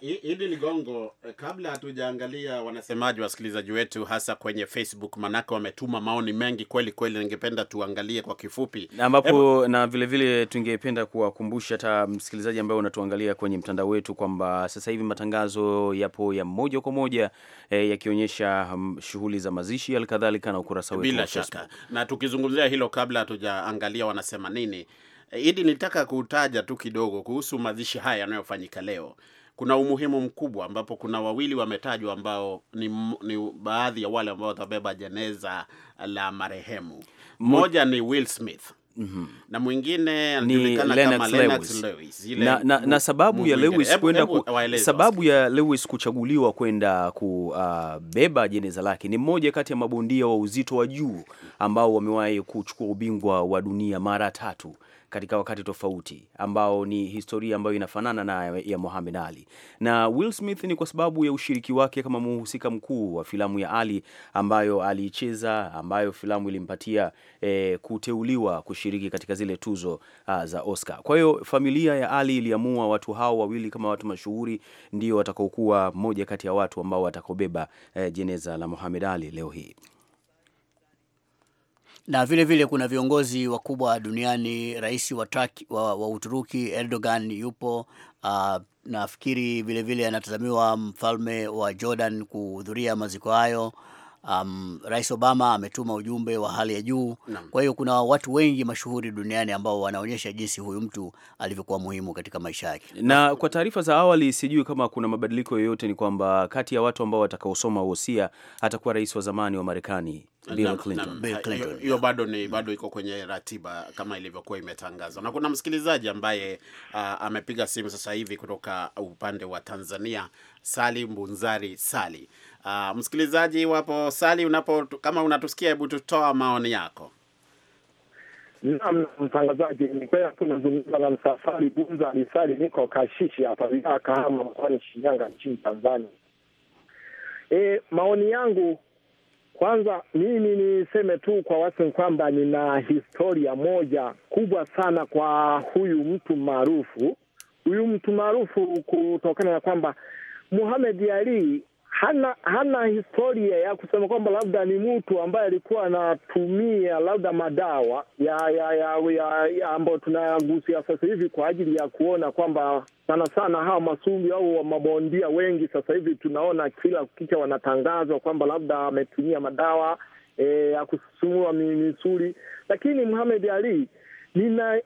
hili Ligongo, kabla hatujaangalia wanasemaji wasikilizaji wetu hasa kwenye Facebook, manake wametuma maoni mengi kweli kweli, ningependa tuangalie kwa kifupi, ambapo na vile vile tungependa kuwakumbusha hata msikilizaji ambaye unatuangalia kwenye mtandao wetu kwamba sasa hivi matangazo yapo ya moja kwa moja eh, yakionyesha mm, shughuli za mazishi alikadhalika na ukurasa wetu bila shaka, na tukizungumzia hilo, kabla hatujaangalia wanasema nini Eh, Idi, nilitaka kutaja tu kidogo kuhusu mazishi haya yanayofanyika leo. Kuna umuhimu mkubwa ambapo kuna wawili wametajwa ambao ni, ni baadhi ya wale ambao watabeba jeneza la marehemu. Mmoja ni Will Smith. Mm -hmm. Na mwingine anajulikana kama Lennox Lewis. Na, na, na sababu ya Lewis kwenda ku, sababu ya Lewis kuchaguliwa kwenda kubeba ah, uh, jeneza lake ni mmoja kati ya mabondia wa uzito wa juu ambao wamewahi kuchukua ubingwa wa dunia mara tatu katika wakati tofauti ambao ni historia ambayo inafanana na ya Muhammad Ali. Na Will Smith ni kwa sababu ya ushiriki wake kama mhusika mkuu wa filamu ya Ali ambayo aliicheza, ambayo filamu ilimpatia e, kuteuliwa kushiriki katika zile tuzo a, ah, za Oscar. Kwa hiyo familia ya Ali iliamua watu hao wawili kama watu mashuhuri ndio watakaokuwa moja kati ya watu ambao watakaobeba e, eh, jeneza la Muhammad Ali leo hii na vile vile kuna viongozi wakubwa duniani. Rais wa, wa, wa Uturuki Erdogan yupo. Uh, nafikiri vile vile anatazamiwa mfalme wa Jordan kuhudhuria maziko hayo. Um, Rais Obama ametuma ujumbe wa hali ya juu. Kwa hiyo kuna watu wengi mashuhuri duniani ambao wanaonyesha jinsi huyu mtu alivyokuwa muhimu katika maisha yake. Na kwa taarifa za awali, sijui kama kuna mabadiliko yoyote, ni kwamba kati ya watu ambao watakaosoma wosia atakuwa rais wa zamani wa Marekani Bill Clinton. Bill Clinton. Hiyo bado ni bado iko kwenye ratiba kama ilivyokuwa imetangazwa. Na kuna msikilizaji ambaye uh, amepiga simu sasa hivi kutoka upande wa Tanzania, Sali Mbunzari Sali. Uh, msikilizaji wapo Sali, unapo kama unatusikia, hebu tutoa maoni yako. Naam, mtangazaji, nipea kweli tunazungumza na Msafari Bunzari Sali, niko Kashishi hapa wilaya Kahama mkoani Shinyanga nchini Tanzania. E, maoni yangu kwanza mimi niseme tu kwa Watson kwamba nina historia moja kubwa sana kwa huyu mtu maarufu, huyu mtu maarufu kutokana na kwamba Muhammad Ali hana hana historia ya kusema kwamba labda ni mtu ambaye alikuwa anatumia labda madawa ya ya ya, ya, ya ambayo tunayagusia sasa hivi kwa ajili ya kuona kwamba sana sana hawa masumbi au mabondia wengi sasa hivi tunaona kila kukicha wanatangazwa kwamba labda ametumia madawa e, ya kusisimua misuli, lakini Muhamed Ali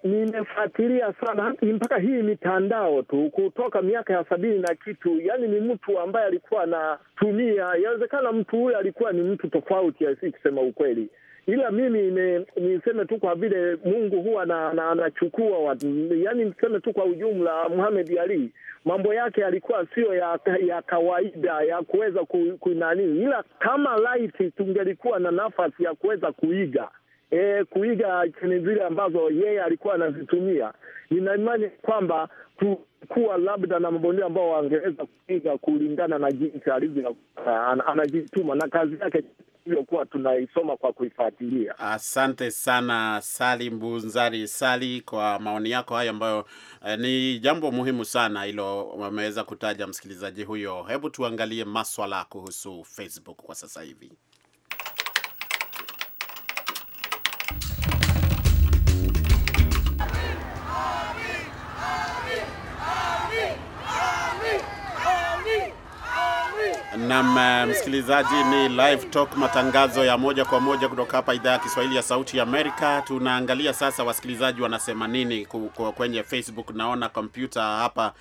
nimefuatilia sana mpaka hii mitandao tu kutoka miaka ya sabini na kitu. Yani ni mtu ambaye alikuwa anatumia, inawezekana mtu huyo alikuwa ni mtu tofauti, asi kusema ukweli, ila mimi niseme tu kwa vile Mungu huwa anachukua na, yani niseme tu kwa ujumla, muhamedi Ali mambo yake yalikuwa siyo ya, ya kawaida ya kuweza kunanii, ila kama laiti tungelikuwa na nafasi ya kuweza kuiga e, kuiga cheni zile ambazo yeye alikuwa anazitumia. Nina imani kwamba kuwa labda na mabondia ambao wangeweza kuiga kulingana na jinsi alivyo uh, anajituma na kazi yake iliyokuwa tunaisoma kwa kuifuatilia. Asante sana Sali Mbunzari Sali kwa maoni yako hayo ambayo eh, ni jambo muhimu sana hilo wameweza kutaja msikilizaji huyo. Hebu tuangalie maswala kuhusu Facebook kwa sasa hivi. Naam, eh, msikilizaji, ni Live Talk, matangazo ya moja kwa moja kutoka hapa idhaa ya Kiswahili ya Sauti ya Amerika. Tunaangalia sasa wasikilizaji wanasema nini kwenye Facebook. Naona kompyuta hapa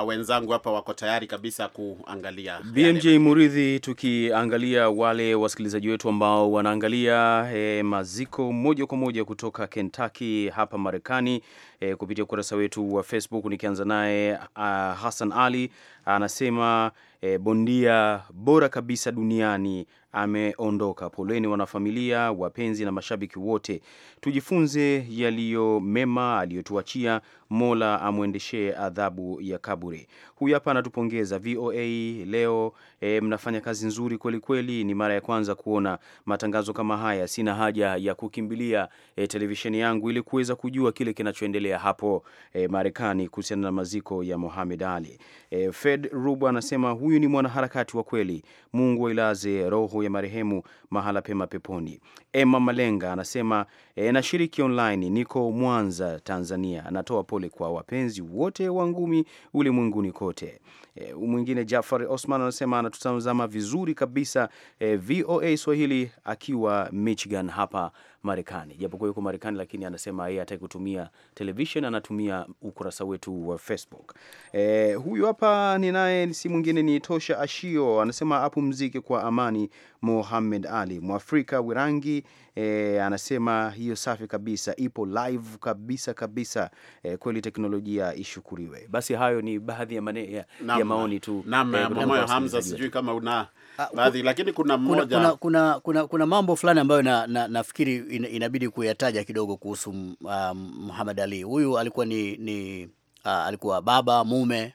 Uh, wenzangu hapa wako tayari kabisa kuangalia BMJ Muridhi, tukiangalia wale wasikilizaji wetu ambao wanaangalia eh, maziko moja kwa moja kutoka Kentucky hapa Marekani eh, kupitia ukurasa wetu wa Facebook. Nikianza naye uh, Hassan Ali anasema e, bondia bora kabisa duniani ameondoka. Poleni wanafamilia, wapenzi na mashabiki wote, tujifunze yaliyo mema aliyotuachia Mola amwendeshee adhabu ya kaburi. Huyu hapa anatupongeza VOA leo. E, mnafanya kazi nzuri kweli kweli. Ni mara ya kwanza kuona matangazo kama haya. Sina haja ya kukimbilia e, televisheni yangu ili kuweza kujua kile kinachoendelea hapo e, Marekani kuhusiana na maziko ya Mohamed Ali. E, Fed Rubu anasema huyu ni mwanaharakati wa kweli. Mungu ailaze roho ya marehemu mahala pema peponi. Emma Malenga anasema E, na shiriki online, niko Mwanza, Tanzania, anatoa pole kwa wapenzi wote wa ngumi ulimwenguni kote e, mwingine Jafar Osman anasema anatutazama vizuri kabisa e, VOA Swahili akiwa Michigan hapa Marekani, japokuwa yuko Marekani lakini anasema yeye hataki kutumia television, anatumia ukurasa wetu wa Facebook. E, huyu hapa ni naye, si mwingine ni Tosha Ashio, anasema apumzike kwa amani Mohamed Ali Mwafrika Wirangi. E, anasema hiyo safi kabisa, ipo live kabisa kabisa. E, kweli teknolojia ishukuriwe. Basi hayo ni baadhi ya, mane, ya, ya maoni tu. Naam, eh, Hamza, sijui kama una ah, baadhi lakini kuna mmoja kuna, kuna, kuna, kuna mambo fulani ambayo na, na, nafikiri inabidi kuyataja kidogo kuhusu uh, Muhammad Ali. Huyu alikuwa ni, ni uh, alikuwa baba mume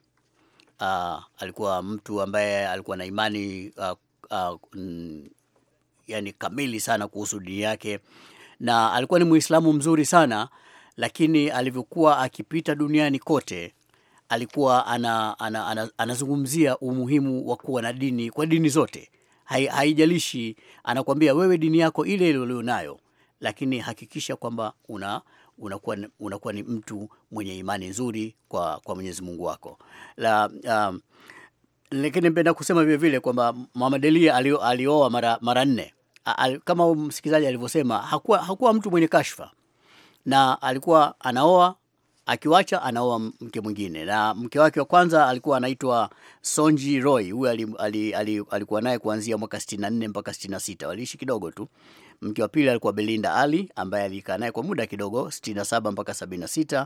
uh, alikuwa mtu ambaye alikuwa na imani uh, uh, n, yani kamili sana kuhusu dini yake na alikuwa ni Muislamu mzuri sana, lakini alivyokuwa akipita duniani kote alikuwa ana, ana, ana, anazungumzia umuhimu wa kuwa na dini kwa dini zote, haijalishi. Anakuambia wewe dini yako ile ile ulionayo, lakini hakikisha kwamba una unakuwa unakuwa ni mtu mwenye imani nzuri kwa, kwa Mwenyezi Mungu wako la um, lakini mpenda kusema vile vile kwamba mamadelia alioa mara, mara nne al, kama msikilizaji alivyosema hakuwa, hakuwa mtu mwenye kashfa na alikuwa anaoa akiwacha anaoa mke mwingine, na mke wake wa kwanza alikuwa anaitwa Sonji Roy. Huyu ali, ali, ali, ali naye kuanzia mwaka 64 mpaka 66, waliishi kidogo tu. Mke wa pili alikuwa Belinda Ali ambaye alikaa naye kwa muda kidogo 67 mpaka 76.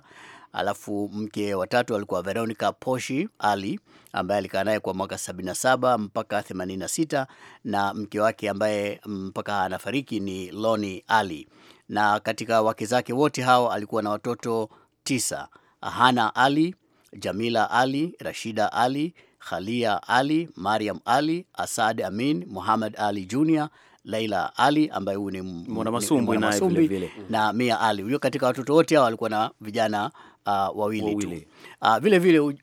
Alafu mke wa tatu alikuwa Veronica Poshi Ali ambaye alikaa naye kwa mwaka 77 mpaka 86, na mke wake ambaye mm, mpaka anafariki ni Loni Ali. Na katika wake zake wote hao alikuwa na watoto tisa Hana Ali, Jamila Ali, Rashida Ali, Khalia Ali, Mariam Ali, Asad Amin, Muhammad Ali Jr, Laila Ali ambaye huyu ni mwanamasumbwi na vile vile na Mia Ali. Huyo katika watoto wote hao walikuwa na vijana uh, wawili, wawili tu. Uh, vile vile uh,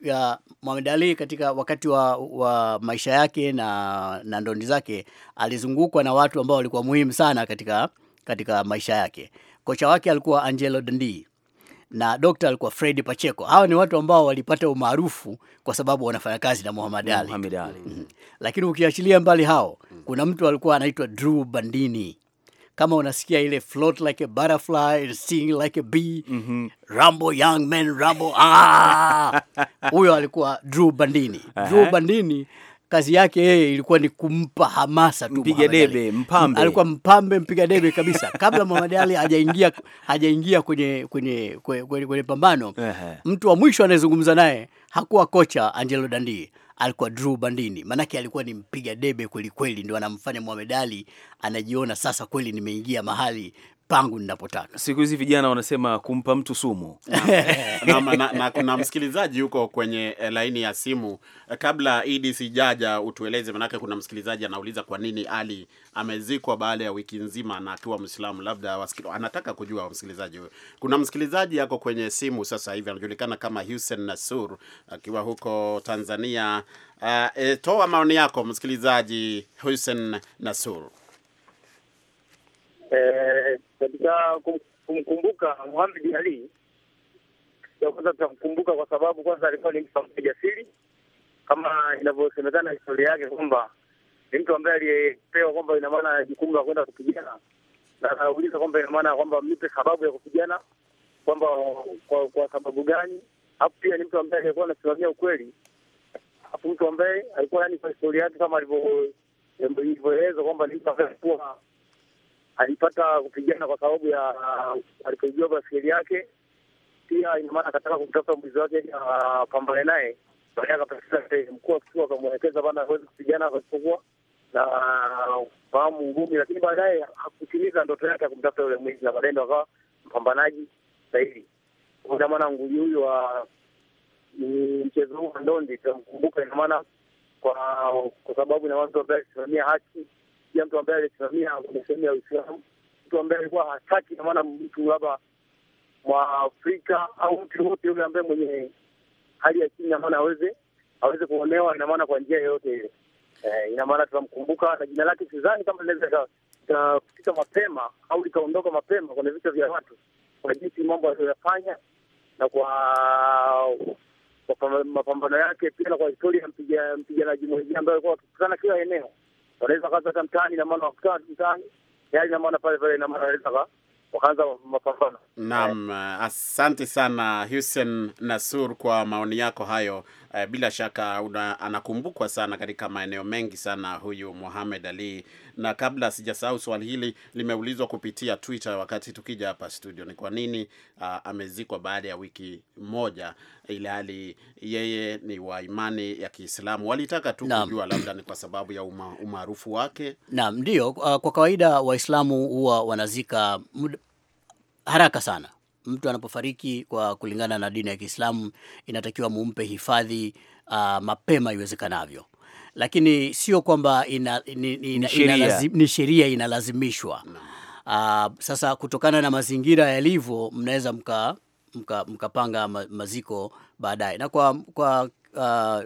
Muhammad Ali katika wakati wa, wa maisha yake na, na ndondi zake alizungukwa na watu ambao walikuwa muhimu sana katika, katika maisha yake. Kocha wake alikuwa Angelo Dandi na dokta alikuwa Fred pacheko Hawa ni watu ambao walipata umaarufu kwa sababu wanafanya kazi na Muhammad Ali, Muhammad Ali. Mm -hmm. Lakini ukiachilia mbali hao, kuna mtu alikuwa anaitwa Drew Bandini kama unasikia ile float like a butterfly like a bee mm -hmm. Rambo young man Rambo ah, huyo alikuwa Drew Bandini. Drew Bandini kazi yake yeye ilikuwa ni kumpa hamasa tu mpiga debe, mpambe. Alikuwa mpambe mpiga debe kabisa kabla Muhammad Ali hajaingia hajaingia kwenye kwenye kwenye, kwenye, pambano Mtu wa mwisho anayezungumza naye hakuwa kocha Angelo Dandi alikuwa Drew Bandini, maanake alikuwa ni mpiga debe kweli kweli, ndio anamfanya Muhammad Ali anajiona sasa kweli nimeingia mahali pangu ninapotaka. Siku hizi vijana wanasema kumpa mtu sumu. na, na, na, na kuna msikilizaji huko kwenye eh, laini ya simu, eh, kabla Idi sijaja, utueleze, manake kuna msikilizaji anauliza kwa nini Ali amezikwa baada ya wiki nzima na akiwa Mwislamu, labda wasikilo. Anataka kujua msikilizaji huyo. Kuna msikilizaji yako kwenye simu sasa hivi anajulikana kama Hussein Nasur akiwa huko Tanzania. Uh, e, toa maoni yako msikilizaji Hussein Nasur katika kumkumbuka Muhammad Ali. ya Kwanza tutamkumbuka kwa sababu kwanza alikuwa ni mtu ambaye jasiri, kama inavyosemekana historia yake kwamba ni mtu ambaye aliyepewa kwamba ina maana jukumu la kwenda kupigana, na anauliza kwamba ina maana kwamba mnipe sababu ya kupigana, kwamba kwa, kwa sababu gani? Hapo pia ni mtu ambaye alikuwa anasimamia ukweli, hapo mtu ambaye alikuwa yani, kwa historia yake kama alivyoeleza eh, kwamba ni mtu ambaye alikuwa alipata kupigana kwa sababu ya alipoibiwa baskeli yake. Pia ina maana akataka kumtafuta mwizi wake ah, apambane naye, baadaye akapata sehemu kuu, kituo akamwelekeza bana, hawezi kupigana pasipokuwa na ah, fahamu ngumi, lakini baadaye hakutimiza ndoto yake ya kumtafuta yule mwizi, na baadaye ndo akawa mpambanaji zaidi. Ina maana nguli huyu wa mchezo huu wa ndondi tunamkumbuka, ina maana kwa kwa sababu ina watu mtu ambaye alisimamia haki kumsikia mtu ambaye alisimamia kwenye sehemu ya Uislamu, mtu ambaye alikuwa hataki na maana mtu labda mwa Afrika au mtu yoyote yule ambaye mwenye hali ya chini, namaana aweze aweze kuonewa, na maana kwa njia yoyote ile. Eh, ina maana tunamkumbuka na jina lake, sidhani kama linaweza ikafika mapema au likaondoka mapema kwenye vichwa vya watu kwa jinsi mambo aliyoyafanya na kwa mapambano yake pia na kwa historia ya mpiganaji mwenyewe ambaye alikuwa wakikutana kila eneo wanaweza kaza hata mtaani, na maana wakutaa mtaani tayari, na maana pale pale, na maana wanaweza wakaanza mapambano. Naam, eh, asante sana Hussein Nasur kwa maoni yako hayo. Eh, bila shaka una, anakumbukwa sana katika maeneo mengi sana huyu Muhammad Ali na kabla sijasahau, swali hili limeulizwa kupitia Twitter wakati tukija hapa studio, ni kwa nini uh, amezikwa baada ya wiki moja, ilhali yeye ni wa imani ya Kiislamu. Walitaka tu kujua labda ni kwa sababu ya uma, umaarufu wake. Naam, ndio. Uh, kwa kawaida Waislamu huwa wanazika muda, haraka sana mtu anapofariki kwa kulingana na dini ya Kiislamu inatakiwa mumpe hifadhi uh, mapema iwezekanavyo lakini sio kwamba ina, ina, ina, ni sheria inalazimishwa. Uh, sasa kutokana na mazingira yalivyo mnaweza mkapanga mka, mka ma, maziko baadaye na kwa, kwa uh,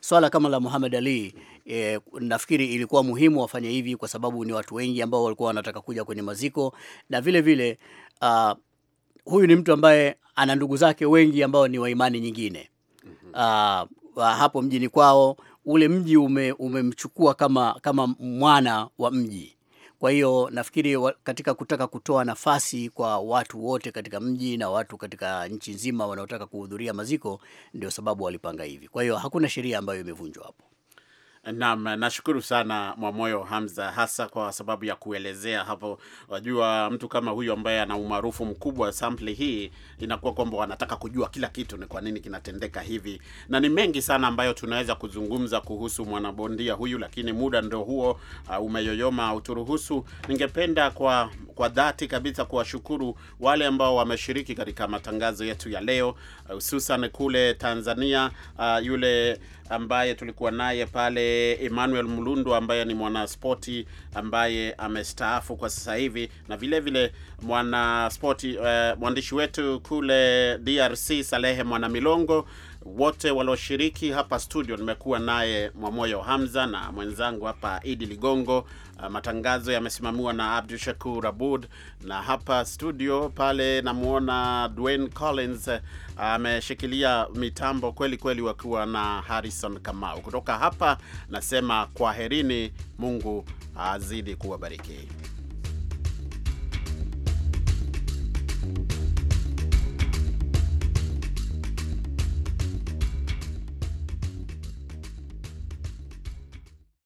swala kama la Muhammad Ali E, nafikiri ilikuwa muhimu wafanye hivi kwa sababu ni watu wengi ambao walikuwa wanataka kuja kwenye maziko na vile vile, uh, huyu ni mtu ambaye ana ndugu zake wengi ambao ni wa imani nyingine uh, hapo mjini kwao ule mji ume, umemchukua kama, kama mwana wa mji. Kwa hiyo nafikiri katika kutaka kutoa nafasi kwa watu wote katika mji na watu katika nchi nzima wanaotaka kuhudhuria maziko, ndio sababu walipanga hivi. Kwa hiyo hakuna sheria ambayo imevunjwa hapo. Naam, nashukuru sana Mwamoyo Hamza, hasa kwa sababu ya kuelezea hapo. Wajua, mtu kama huyu ambaye ana umaarufu mkubwa, sampli hii inakuwa kwamba wanataka kujua kila kitu, ni kwa nini kinatendeka hivi, na ni mengi sana ambayo tunaweza kuzungumza kuhusu mwanabondia huyu, lakini muda ndio huo uh, umeyoyoma, uturuhusu Ningependa kwa kwa dhati kabisa kuwashukuru wale ambao wameshiriki katika matangazo yetu ya leo, hususan kule Tanzania, uh, yule ambaye tulikuwa naye pale, Emmanuel Mulundu ambaye ni mwanaspoti ambaye amestaafu kwa sasa hivi, na vile vile mwanaspoti uh, mwandishi wetu kule DRC Salehe Mwanamilongo wote walioshiriki hapa studio. Nimekuwa naye Mwamoyo Hamza na mwenzangu hapa Idi Ligongo. Ah, matangazo yamesimamiwa na Abdu Shakur Abud, na hapa studio pale namwona Dwayne Collins ah, ameshikilia mitambo kweli kweli, wakiwa na Harrison Kamau. Kutoka hapa nasema kwaherini, Mungu azidi kuwabariki.